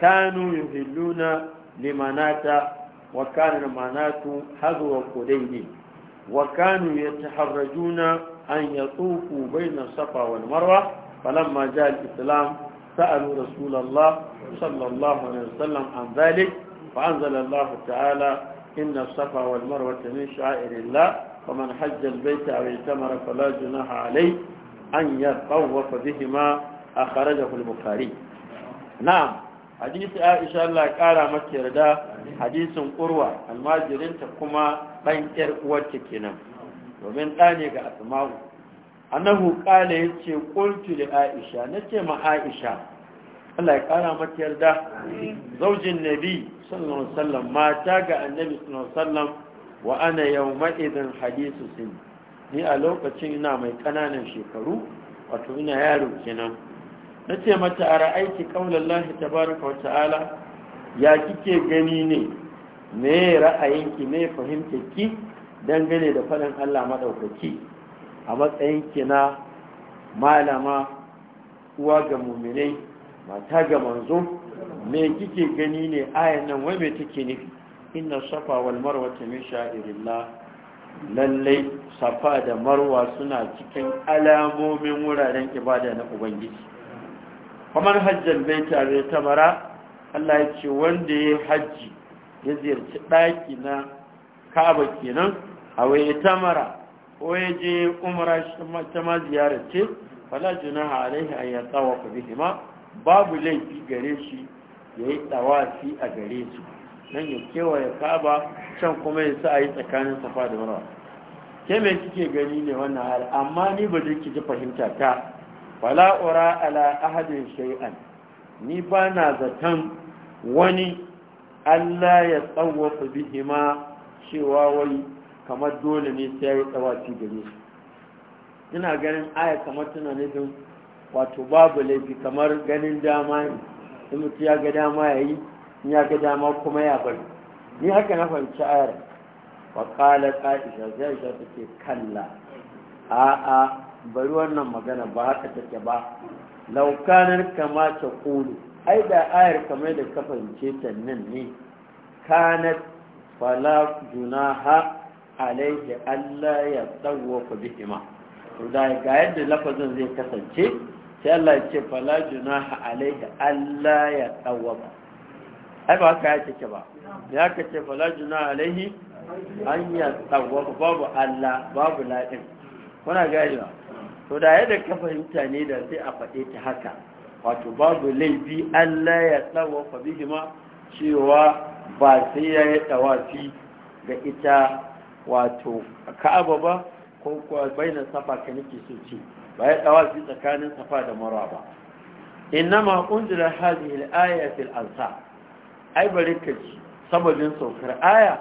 كانوا يهلون لمناة وكان المناة هذو القدين وكانوا يتحرجون أن يطوفوا بين الصفا والمروة فلما جاء الإسلام سألوا رسول الله صلى الله عليه وسلم عن ذلك فأنزل الله تعالى إن الصفا والمروة من شعائر الله فمن حج البيت أو اعتمر فلا جناح عليه أن يطوف بهما أخرجه البخاري نعم حديث عائشة الله قال مكر دا حديث قروة الماجرين تقوم بين إرقوة كنا ومن ثاني أسماؤه annahu qala yace qultu li aisha nace ma aisha Allah ya kara mata yarda zaujin nabi sallallahu alaihi wasallam mata ga annabi sallallahu alaihi wasallam wa ana yawma idan hadithu sin ni a lokacin ina mai kananan shekaru wato ina yaro kenan nace mata aiki qaulallahi tabaaraka wa ta'ala ya kike gani ne me ra'ayinki me fahimtarki dangane da faɗin Allah madaukaki a matsayin kina malama uwa ga muminai mata ga manzo me kike gani ne ayan nan wai mai take nufi inna safa wal marwa min sha'irillah lallai safa da marwa suna cikin alamomin wuraren ibada na ubangiji kamar hajjan bai tare ta mara? Allah ya ce wanda ya hajji ya ziyarci ɗaki na kaba kenan a waye mara? ko ya je umara ta ma ziyarace fala junaha alaihi an ya tsawa bihima babu laifi gare shi ya yi tsawafi a gare su nan ya kewaye kaba can kuma ya sa a yi tsakanin safa da marwa ke mai kike gani ne wannan hal amma ni ba zai ji fahimta ta fala ura ala ahadin shay'an ni ba na zaton wani Allah ya tsawafa bihima cewa wai kamar dole ne sai ya yi tsawafi gare su ina ganin aya kamar tana nufin wato babu laifi kamar ganin dama ne in mutu ya ga dama ya yi in ya ga dama kuma ya bari ni haka na fahimci ayar wa kala ka'isha sai ta take kalla a'a bari wannan magana ba haka take ba laukanar kama ta kulu ai da ayar kamar da ka fahimce ta nan ne kanat fala ha. alaihi Allah ya tsawo ku bihima to da ga yadda lafazin zai kasance sai Allah ya ce fala junaha alaihi Allah ya tsawo ai ba ka ya ce ba ya ka ce fala junaha alaihi an ya tsawo babu Allah babu la'in kuna gani ba to da yadda ka fahimta ne da sai a faɗe ta haka wato babu laifi Allah ya tsawo ku bihima cewa ba sai ya yi tsawafi ga ita wato ka'aba ba ko bainar safa ka nake so ce ba ya su tsakanin safa da mara ba innama unzila hadhihi al ayati al ansar ai barkaci sababin saukar aya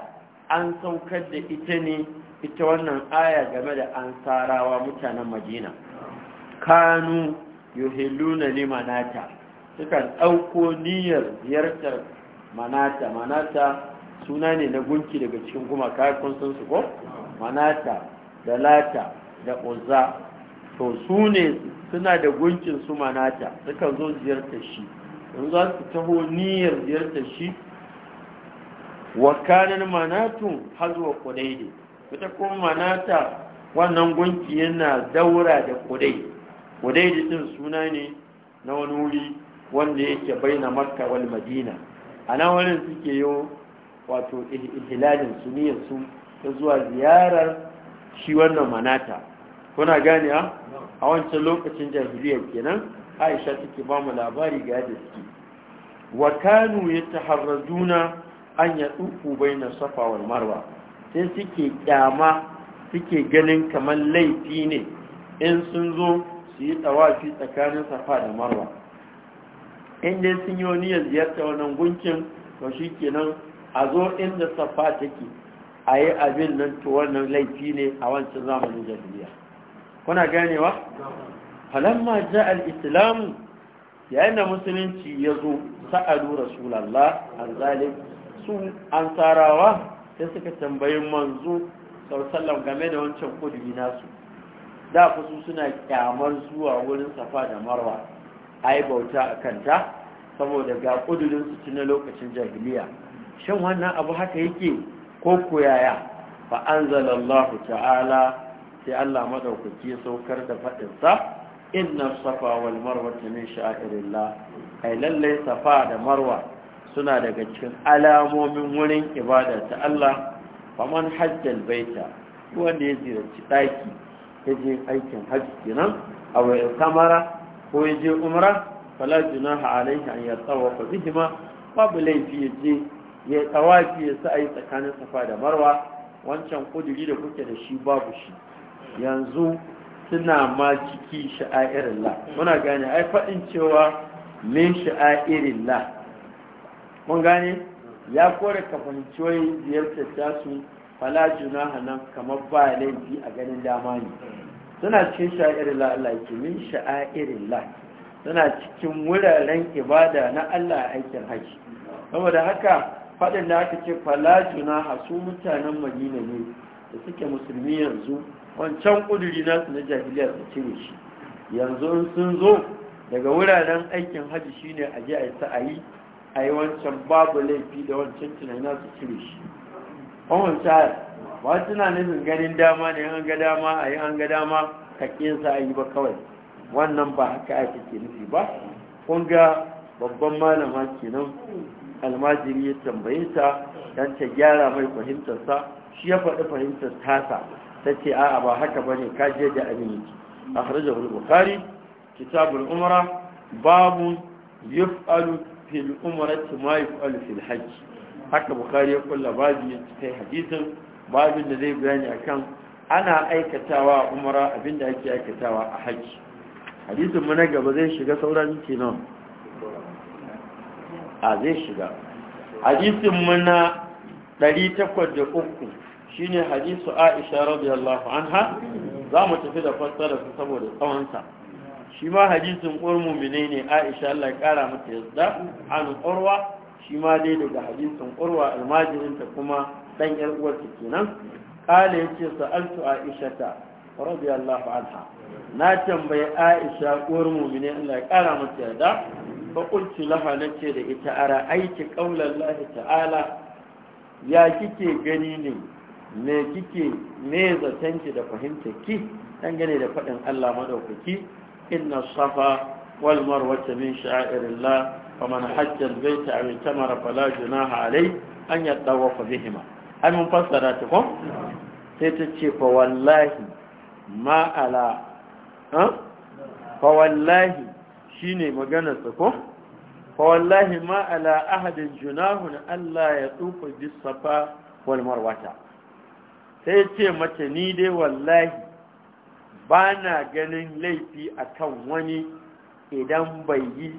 an saukar da ita ne ita wannan aya game da ansarawa mutanen madina kanu yuhilluna limanata sukan ɗauko niyyar ziyartar manata manata suna ne na gunki daga cikin kuma kun san su ko manata da lata da uzza to su ne suna da gunkin su manata sukan zo ziyartar shi in za su taho niyyar ziyartar shi wakanan manatun hazuwa kudaide ita kuma manata wannan gunki yana daura da kudai kudaide din suna ne na wani wuri wanda yake baina makka wal madina a nan wurin suke yo? wato ihilalin su su ta zuwa ziyarar shi wannan manata kuna gane a a wancan lokacin jahiliyar kenan aisha take ba mu labari ga yadda suke wa kanu yataharrajuna an yadufu baina safa wal marwa sai suke kyama suke ganin kamar laifi ne in sun zo su yi tsawafi tsakanin safa da marwa in dai sun yi wani ziyarta wannan gunkin to shi kenan a zo inda safa take a yi abin nan to wannan laifi ne a wancan zamanin jahiliya kuna ganewa falamma ja al-islam yayin da musulunci ya zo sa'adu rasulallah an zalim su an sai suka tambayi manzo sallallahu game da wancan kudi nasu da fusu suna kyamar zuwa wurin safa da marwa ai bauta a kanta saboda ga kudurin su tun lokacin jahiliya Shan wannan abu haka yake ko koyaya fa anzalallahu ta'ala sai Allah madaukaki saukar da fadin sa inna safa wal marwa min sha'irillah ai lalle safa da marwa suna daga cikin alamomin wurin ibada ta Allah faman hajjal baita wanda ya ziyarci daki ya je aikin hajji kenan a wayar kamara ko ya je umra fala junaha alayhi an yatawafa bihima babu laifi yaji ya tsawaki ya yi tsakanin safa da marwa wancan kuduri da kuke da shi babu shi yanzu suna ma ciki sha'irin la muna gane ai faɗin cewa min sha'irin la mun gane ya kore kafin ziyartar tasu fala junaha kamar ba laifi a ganin dama ne suna cikin sha'irin la Allah yake min sha'irin la suna cikin wuraren ibada na Allah a aikin haji saboda haka faɗin da aka ce falajuna a su mutanen madina ne da suke musulmi yanzu wancan ƙuduri nasu na jahiliya su cire shi yanzu sun zo daga wuraren aikin hajji shine a je a yi a yi wancan babu laifi da wancan tunani su cire shi ƙwanwan shayar ba na nufin ganin dama ne an ga dama a yi an ga dama ka ƙinsa a yi ba kawai wannan ba haka ake ke nufi ba kun ga babban malama kenan almajiri ya tambaye ta dan ta gyara mai fahimtarsa shi ya faɗi fahimtar tasa ta ce a'a ba haka ba ne ka je da aminci a harajar bukari kitabul umara babu yuf'alu fil umrati ma yuf'alu fil haka bukari ya kulla babu ya kai hadisin babin da zai bayani akan ana aikatawa umara abinda ake aikatawa a Haji. hadisin mu na gaba zai shiga sauran kenan a zai shiga hadisin muna 803 shine hadisu aisha radiyallahu anha za mu tafi da fassara su saboda tsawonsa shi ma hadisin ƙormu ne aisha Allah ƙara mata yadda an ƙorwa shi ma dai daga hadisin ƙorwa almajirinta kuma ɗan ƴar uwarta kenan ƙala ya ce sa'altu aisha ta na tambayi aisha ƙormu ne Allah ƙara mata yadda faƙulci laha na ce da ita a ra'aiki ƙaunar lahi ta'ala ya kike gani ne me kike ne zatanki da ki dangane da faɗin Allah maɗaukaki inna safa wal marwata min sha'irillah wa man hajja albayta aw mara fala junaha alai an yatawafa bihima An mun fassara ta ko sai ta ce fa wallahi ma ala fa wallahi shine maganar sa ko fa wallahi ma ala ahadin junahun Allah ya tsufa bisafa wal marwata sai ce mace ni dai wallahi ba na ganin laifi a kan wani idan bai yi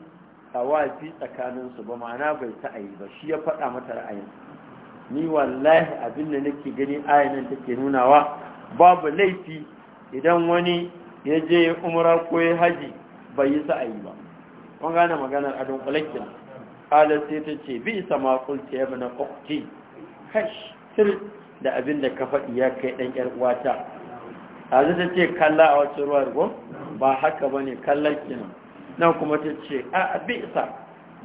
tawafi tsakaninsu ba ma'ana bai ta'ayi ba shi ya faɗa mata ra'ayin ni wallahi abin da nake gani ayanin take nunawa babu laifi idan wani ya je umra ko ya haji bai yi sa'ayi ba kun gane maganar a kulakin ala sai ta ce bi isa makul ta yabi na kwakci kash sir da abin da ka faɗi ya kai ɗan ƴar uwata a zai ta ce kalla a wacce ruwa rigo ba haka ba ne kallon kinan nan kuma ta ce a bi isa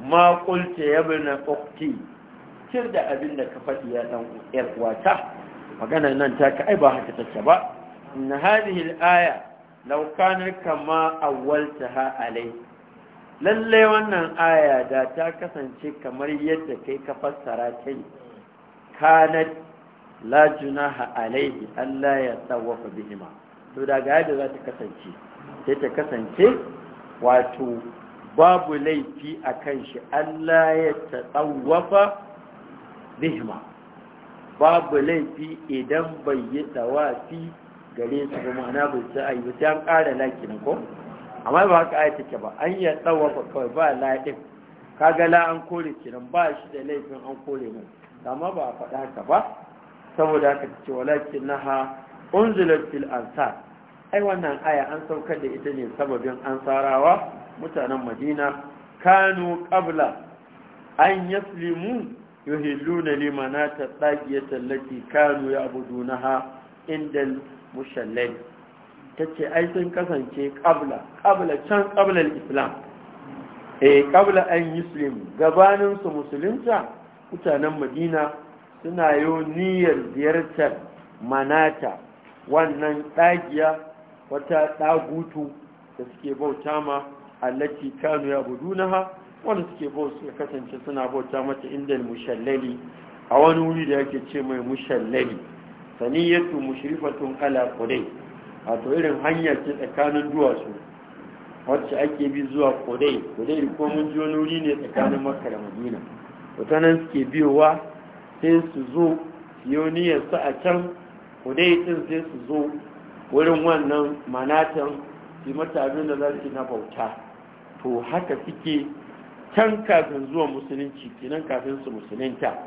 makul ta yabi na kwakci sir da abin da ka faɗi ya ɗan ƴar uwata maganar nan ta ka ai ba haka tace ba na hadihil aya laukanar kama awwalta ha alai lalle wannan aya da ta kasance kamar yadda kai ka fassara kai kana kanat la junaha alaihi Allah ya tsawafa bihima to daga yadda za ta kasance sai ta kasance wato babu laifi a kan shi Allah ya tsawafa bihima babu laifi idan bai yi tsawafi gare su ba ma'ana ba su a yi an ƙara lakin ko amma ba haka aya take ba an yi tsawa ba kawai ba la'in kaga la an kore nan ba shi da laifin an kore mu amma ba a faɗa haka ba saboda haka ta ce walakin naha unzilat fil ansar ai wannan aya an saukar da ita ne sababin ansarawa mutanen madina kanu qabla an yaslimu yuhilluna limanata daqiyatan lati kanu ya'budunaha indal mushallali ta ce ai sun kasance kabla kabla can ƙablar islam e eh, ƙabla an yuslim gabaninsu musulunta mutanen madina suna yi niyyar ziyartar manata wannan ɗagiya wata ɗagutu da suke bauta ma allaci kanu ya budunaha wanda suke bauta kasance suna bauta mata inda mushallali a wani wuri da yake ce mai mushallali saniyatu mushrifatun ala kudai wato irin hanyar ce tsakanin duwatsu wacce ake bi zuwa qudai qudai ko mun ji wani wuri ne tsakanin makka da madina wata suke biyowa sai su zo yoniya su a can kudai din sai su zo wurin wannan manatan su mata abin da za su na bauta to haka suke can kafin zuwa musulunci kenan kafin su musulunta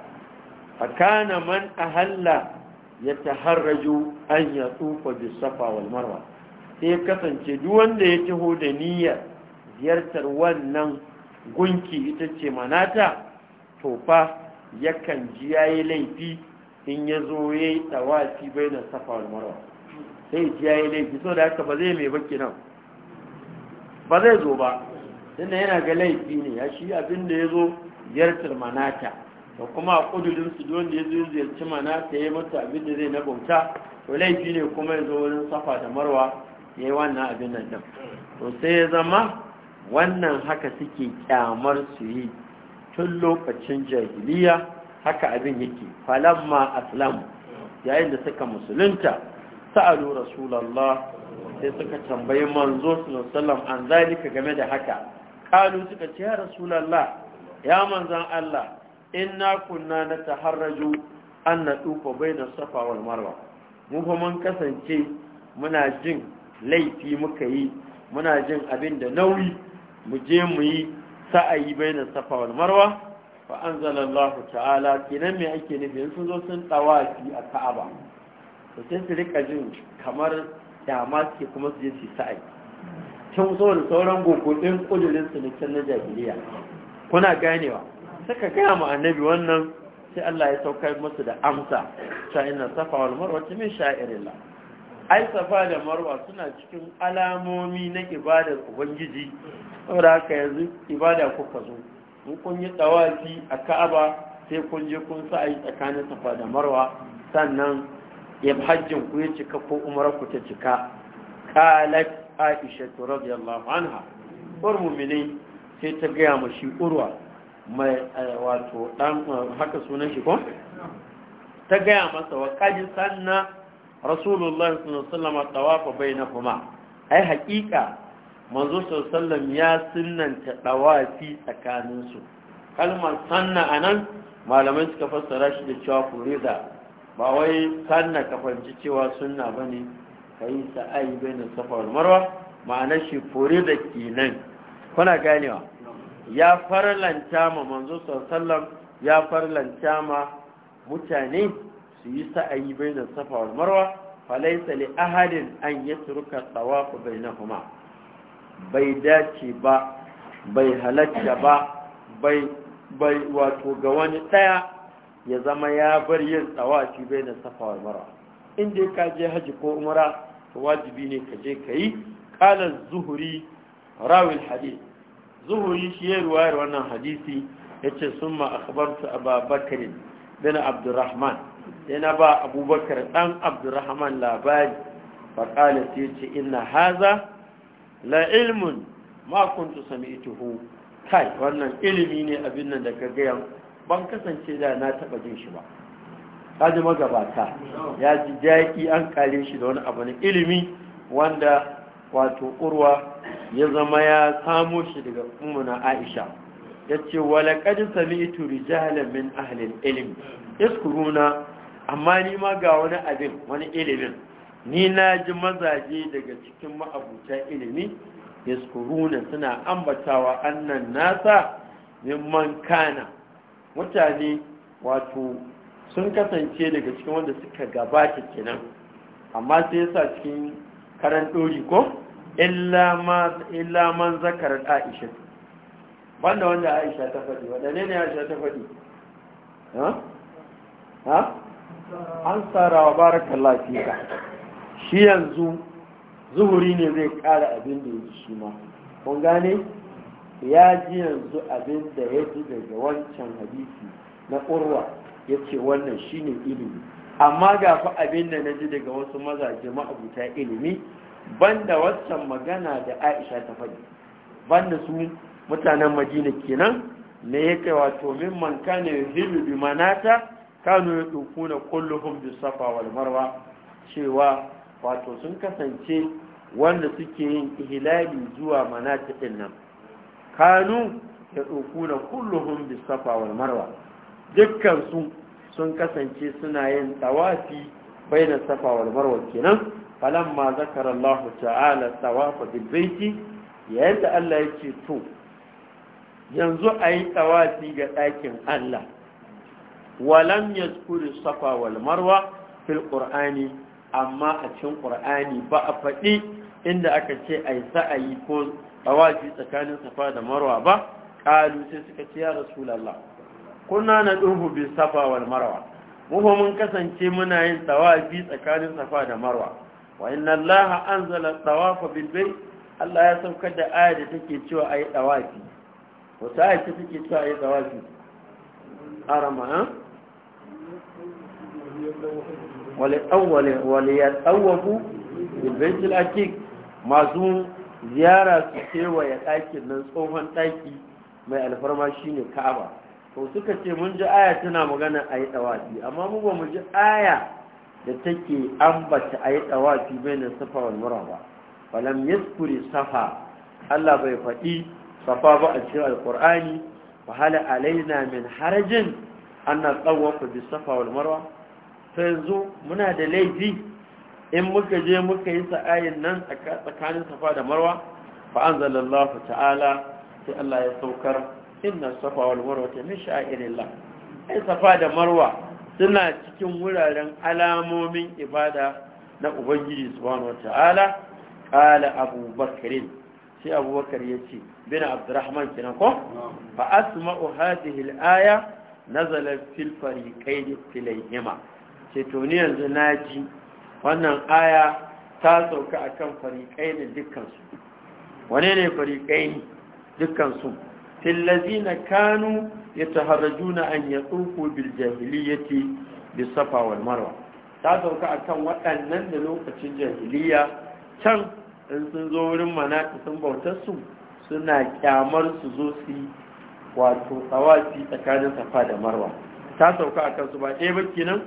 kana man ahalla ya ta taharraju an ya tsufa bi safa wal marwa sai ya kasance duk wanda ya taho da niyyar ziyartar wannan gunki ita ce manata to fa yakan ji ya yi laifi in ya zo ya yi tawafi bai na safa wal marwa sai ji ya yi laifi so da haka ba zai mai baki nan ba zai zo ba tunda yana ga laifi ne ya shi abin da ya zo ziyartar manata da kuma a kudurin su don da ya zo ziyarci mana ta yi mata abin da zai na bauta to laifi ne kuma ya zo wurin safa da marwa ya yi wannan abin nan din to sai ya zama wannan haka suke kyamar su yi tun lokacin jahiliya haka abin yake falamma aslam yayin da suka musulunta sa'adu Rasulallah, sai suka tambayi manzo sallallahu an zalika game da haka kalu suka ce ya rasulullah ya manzon Allah inna kunna na taharraju an na tufa bai na safa wal marwa mun fa mun kasance muna jin laifi muka yi muna jin abin da nauyi mu je mu yi sa'ayi bai na safa marwa fa anzalallahu ta'ala kenan me ake nufi sun zo sun tawafi a ka'aba to sai su rika jin kamar dama suke kuma su je su sa'ayi can saboda sauran gogodin kudurin su na can na jahiliya kuna ganewa suka gaya mu annabi wannan sai Allah ya saukar musu da amsa ta inna safa wal marwa min sha'irillah ai safa da marwa suna cikin alamomi na ibadar ubangiji saboda haka yanzu ibada kuka zo kun yi tsawafi a ka'aba sai kun je kun sa ai tsakanin safa da marwa sannan ya hajjin ku ya cika ko umar ku ta cika qalat aisha radiyallahu anha urmumini sai ta gaya shi urwa mai eh, wato dan eh, haka sunan shi ko ta gaya masa wa kaji sanna rasulullah sallallahu tawafa bainahuma ai hakika manzo sallallahu ya ta dawafi tsakanin su kalmar sanna anan malamai suka fassara shi da cewa kurida ba wai sanna ka fanci cewa sunna bane kai ai bainas safa wal marwa ma'anar shi kurida kenan kuna ganewa ya farlanta ma manzo sallam ya farlanta ma mutane su yi sa'ayi bainar safa wal marwa falaisa li ahadin an yatruka tawaf bainahuma bai dace ba bai halatta ba bai bai wato ga wani daya ya zama ya bar yin tawafi bainar safa wal marwa inda ka je haji ko umra to wajibi ne ka je kai qala az-zuhri rawi al-hadith zuhuri shi ya ruwayar wannan hadisi ya ce sun ma'akabarta babakarin bin abdurrahman yana ba abubakar ɗan abdurrahman labari faƙalar sai ce ina haza la ilmun makuntu sami ituhu kai wannan ilimi ne abin nan da ka gaya ban kasance da na taɓa jin shi ba kaji magabata ya ji jaƙi an kare shi da wani abu na ilimi wanda wato urwa ya zama ya samo shi daga umuna aisha ya ce wala sami sami'tu rijalan min ahlil ilm yaskuruna amma ni ma ga wani abin wani ilimin ni na ji mazaje daga cikin ma'abuta ilimi yaskuruna suna ambatawa annan nasa man kana mutane wato sun kasance daga cikin wanda suka gabata kenan amma sai yasa cikin karan ɗori ko illa man zakarar aisha banda wanda aisha ta faɗi waɗanne ne aisha ta faɗi an tsara wa baraka lafiya shi yanzu zuhuri ne zai ƙara abin da ya ji shi ma kun gane ya ji yanzu abin da ya ji daga wancan hadisi na ƙurwa ya ce wannan shi ne ilimi amma ga fa abin da na ji daga wasu mazaje ma'abuta ilimi banda waccan magana da aisha ta faɗi banda su mutanen madina kenan ne ya kai wato min man kana yuhillu bi manata kanu yadukuna kulluhum bi safa wal marwa cewa wato sun kasance wanda suke yin ihlali zuwa manata manatiqin nan kanu yadukuna kulluhum bi safa wal marwa dukkan su sun kasance suna yin tawafi bainas safa wal marwa kenan ma zakara Allah ta'ala tawafa bil baiti yayin Allah yake to yanzu ayi tawafi ga ɗakin Allah walam yazkuri safa wal marwa fil qur'ani amma a cikin ƙur'ani ba a faɗi inda aka ce ai sa'ayi ko tawafi tsakanin safa da marwa ba Ƙalu sai suka ce ya rasulullah Kuna na duhu bi safa wal marwa mu fa mun kasance muna yin tawafi tsakanin safa da marwa wa inna allaha anzala tawafa bil bayt Allah ya saukar da aya da take cewa ayi tawafi wata aya ce take cewa ayi tawafi arama ha wal awwal wal yatawafu bil bayt al akik? masu ziyara su ya ɗakin nan tsohon ɗaki mai alfarma shine Ka'aba to suka ce mun ji aya tana magana a yi ɗawafi amma mu ba mu ji aya da take ambata a yi ɗawafi bai na safa wal mura ba falam safa Allah bai faɗi safa ba a cikin alƙur'ani wahala hala alaina min harajin an na tsawafa bi safa marwa ta yanzu muna da laifi in muka je muka yi sa'ayin nan tsakanin safa da marwa fa anzalallahu ta'ala sai Allah ya saukar inna safa wal marwa min sha'irillah ai safa da marwa suna cikin wuraren alamomin ibada na ubangiji subhanahu wataala qala abubakar sai abubakar yace bin abdurrahman kenan ko fa asma'u hadhihi al-aya nazala fil fariqayn tilayhima sai to ni yanzu naji wannan aya ta sauka akan fariqayn dukkan su wane ne fariqayn dukkan illazina kanu yataharrajuna an yatufu bil jahiliyyati bis safa marwa ta dauka akan waɗannan da lokacin jahiliya can in sun zo wurin manaki sun bautar su suna kyamar su zo su wato tsawafi tsakanin safa da marwa ta sauka akan su ba ɗaya ba kenan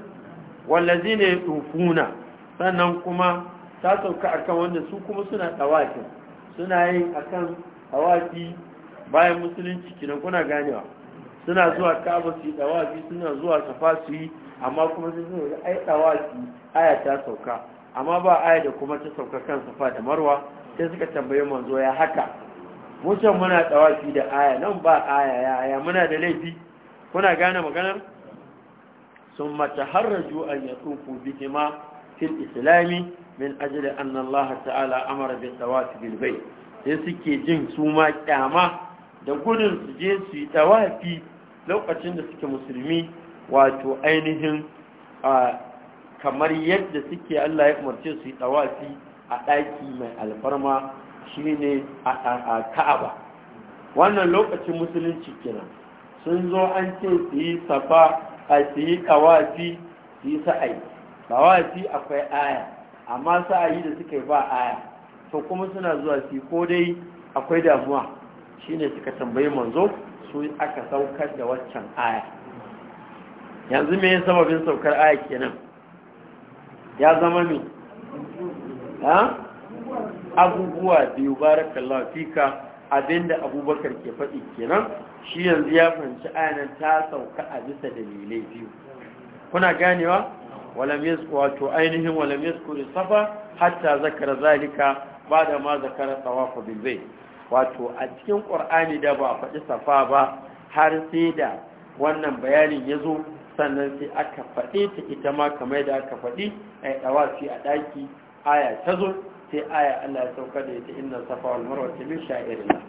wallazina yatufuna sannan kuma ta sauka akan wanda su kuma suna tsawafin suna yin akan tsawafi bayan musulunci kina kuna ganewa suna zuwa kaba su yi dawafi suna zuwa safa su yi amma kuma sun zuwa ai dawafi aya ta sauka amma ba aya da kuma ta sauka kan safa da marwa sai suka tambaye manzo ya haka can muna dawafi da aya nan ba aya ya aya muna da laifi kuna gane maganar sun mata harraju an ya tsufu bihima fil islami min ajli anna Allah ta'ala amara bi tawafi bil bayt sai suke jin su ma kyama da gudun su je su yi tawafi lokacin da suke musulmi wato ainihin kamar yadda suke Allah ya umarce su yi tawafi a ɗaki mai alfarma shine a ka'aba wannan lokacin musulunci kenan sun zo an ce su yi safa a su yi tawafi su yi sa'ai tawafi akwai aya amma sa'ayi da suke yi ba aya to kuma suna zuwa su ko dai akwai damuwa shine suka tambayi manzo su aka saukar da waccan aya yanzu me sababin saukar aya kenan ya zama mi ha abubuwa biyu barakallahu fika abinda abubakar ke faɗi kenan shi yanzu ya fahimci ayanan ta sauka a bisa dalilai biyu kuna ganewa walam ko wato ainihin walam ko safa hatta zakara zalika ba da ma zakara tsawafa bil wato a cikin ƙur'ani da ba faɗi safa ba har sai da wannan bayanin ya zo sannan sai aka faɗe ta ita ma kamar da aka faɗi a ɗawafi a ɗaki aya ta zo sai aya Allah ya sauka da ita inna safa wal marwa ta min sha'irina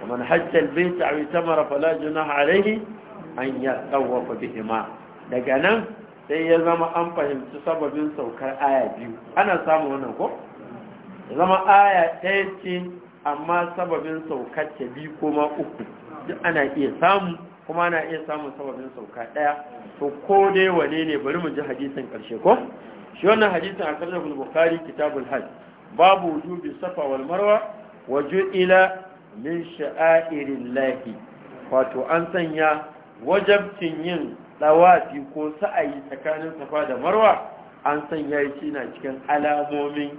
kamar hajjal bai ta awi ta mara fala junaha alaihi an ya bihi ma. daga nan sai ya zama an fahimci sababin saukar aya biyu ana samun wannan ko zama aya ɗaya ce amma sababin saukar ta bi koma uku duk ana iya samu kuma ana iya samun sababin sauka ɗaya to ko dai wane ne bari mu ji hadisin ƙarshe ko shi wannan hadisin a ƙarshen bukari kitabul hajj babu wujubi safa wal marwa wa ju'ila min sha'airin lahi wato an sanya wajabcin yin tsawafi ko sa'ayi tsakanin safa da marwa an sanya shi na cikin alamomin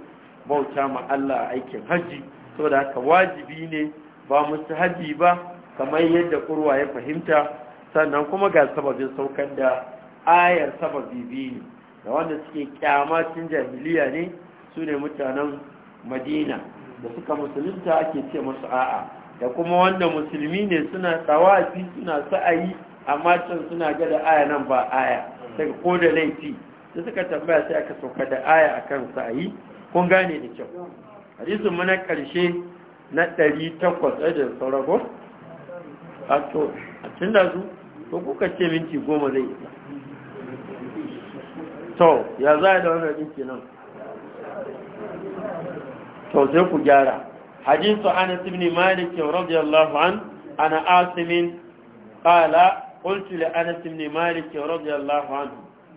bauta ma Allah a aikin hajji saboda haka wajibi ne ba musu haji ba kamar yadda kurwa ya fahimta sannan kuma ga sababin saukar da ayar sababi biyu da wanda suke kyamacin jahiliya ne su ne mutanen madina da suka musulunta ake ce masu a'a da kuma wanda musulmi ne suna tsawafi suna sa'ayi amma can suna gada aya nan ba aya daga ko da laifi da suka tambaya sai aka sauka da aya akan sa'ayi kun gane da kyau hadisun mu na ƙarshe na 800 ɗin sauraro a to a cin da su to kuka ce minti goma zai isa. to ya za a da wani rikki nan to sai ku gyara hadisun ana tsibini malikin radiyallahu an ana asimin ƙala ƙuntule ana tsibini malikin radiyallahu an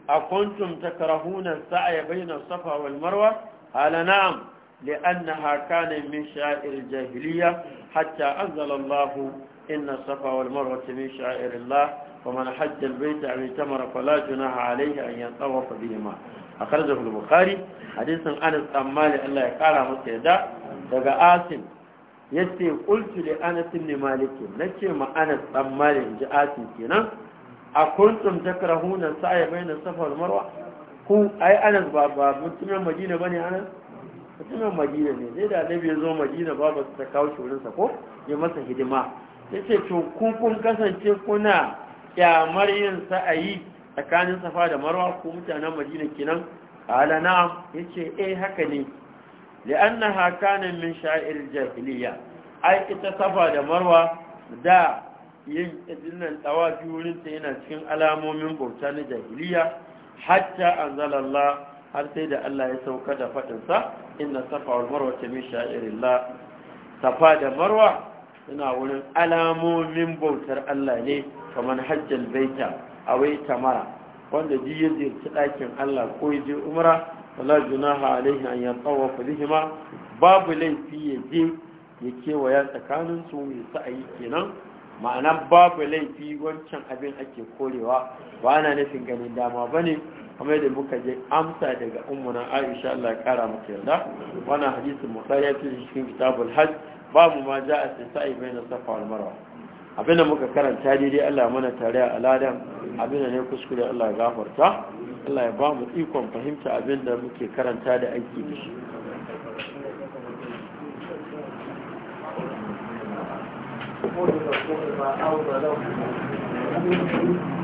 a kuntum ta ƙarahunan sa'ayyabai na safawar marwa ala na'am لأنها كان من شائر الجاهلية حتى أنزل الله إن الصفا والمروة من شائر الله ومن حج البيت أو اعتمر فلا جناح عليه أن يطوف بهما أخرجه البخاري حديث أنس أمالي الله يقال مسيدا دقى آسم yace qultu li anas ibn malik nace ma anas dan malik ji asin kenan a kuntum takrahuna sa'a bayna safa wal marwa ku ai anas ba ba mutumin madina bane anas mutumin madina ne zai da annabi ya zo madina babu ta kawo shi wurinsa ko ya masa hidima ya ce to kun kasance kuna kyamar yin sa'ayi tsakanin safa da marwa ko mutanen madina kenan na ya ce eh haka ne haka kana min sha'ir jahiliya ai ita safa da marwa da yin idinnan tsawa wurin yana cikin alamomin bauta na jahiliya hatta anzalallah har sai da Allah ya sauka da faɗinsa inna safa wal marwa min sha'irillah safa da marwa suna wurin alamomin bautar Allah ne kamar hajjal baita a wai tamara wanda ji ya ziyarci ɗakin Allah ko ya je umra wala junaha alaihi an ya tsawafa babu laifi ya je ya kewaya tsakanin su ya sa'ayi kenan ma'ana babu laifi wancan abin ake korewa ba ana nufin ganin dama bane kamar yadda muka je amsa daga ummuna Aisha Allah ya kara mata yarda wannan hadisin Bukhari ya fi cikin kitabul Hajj babu ma ja'a sai sa'i na Safa wal Marwa abinda muka karanta daidai Allah mana tare a aladan abinda ne kuskure Allah ya gafarta Allah ya ba mu ikon fahimta abinda muke karanta da aiki da shi Thank you.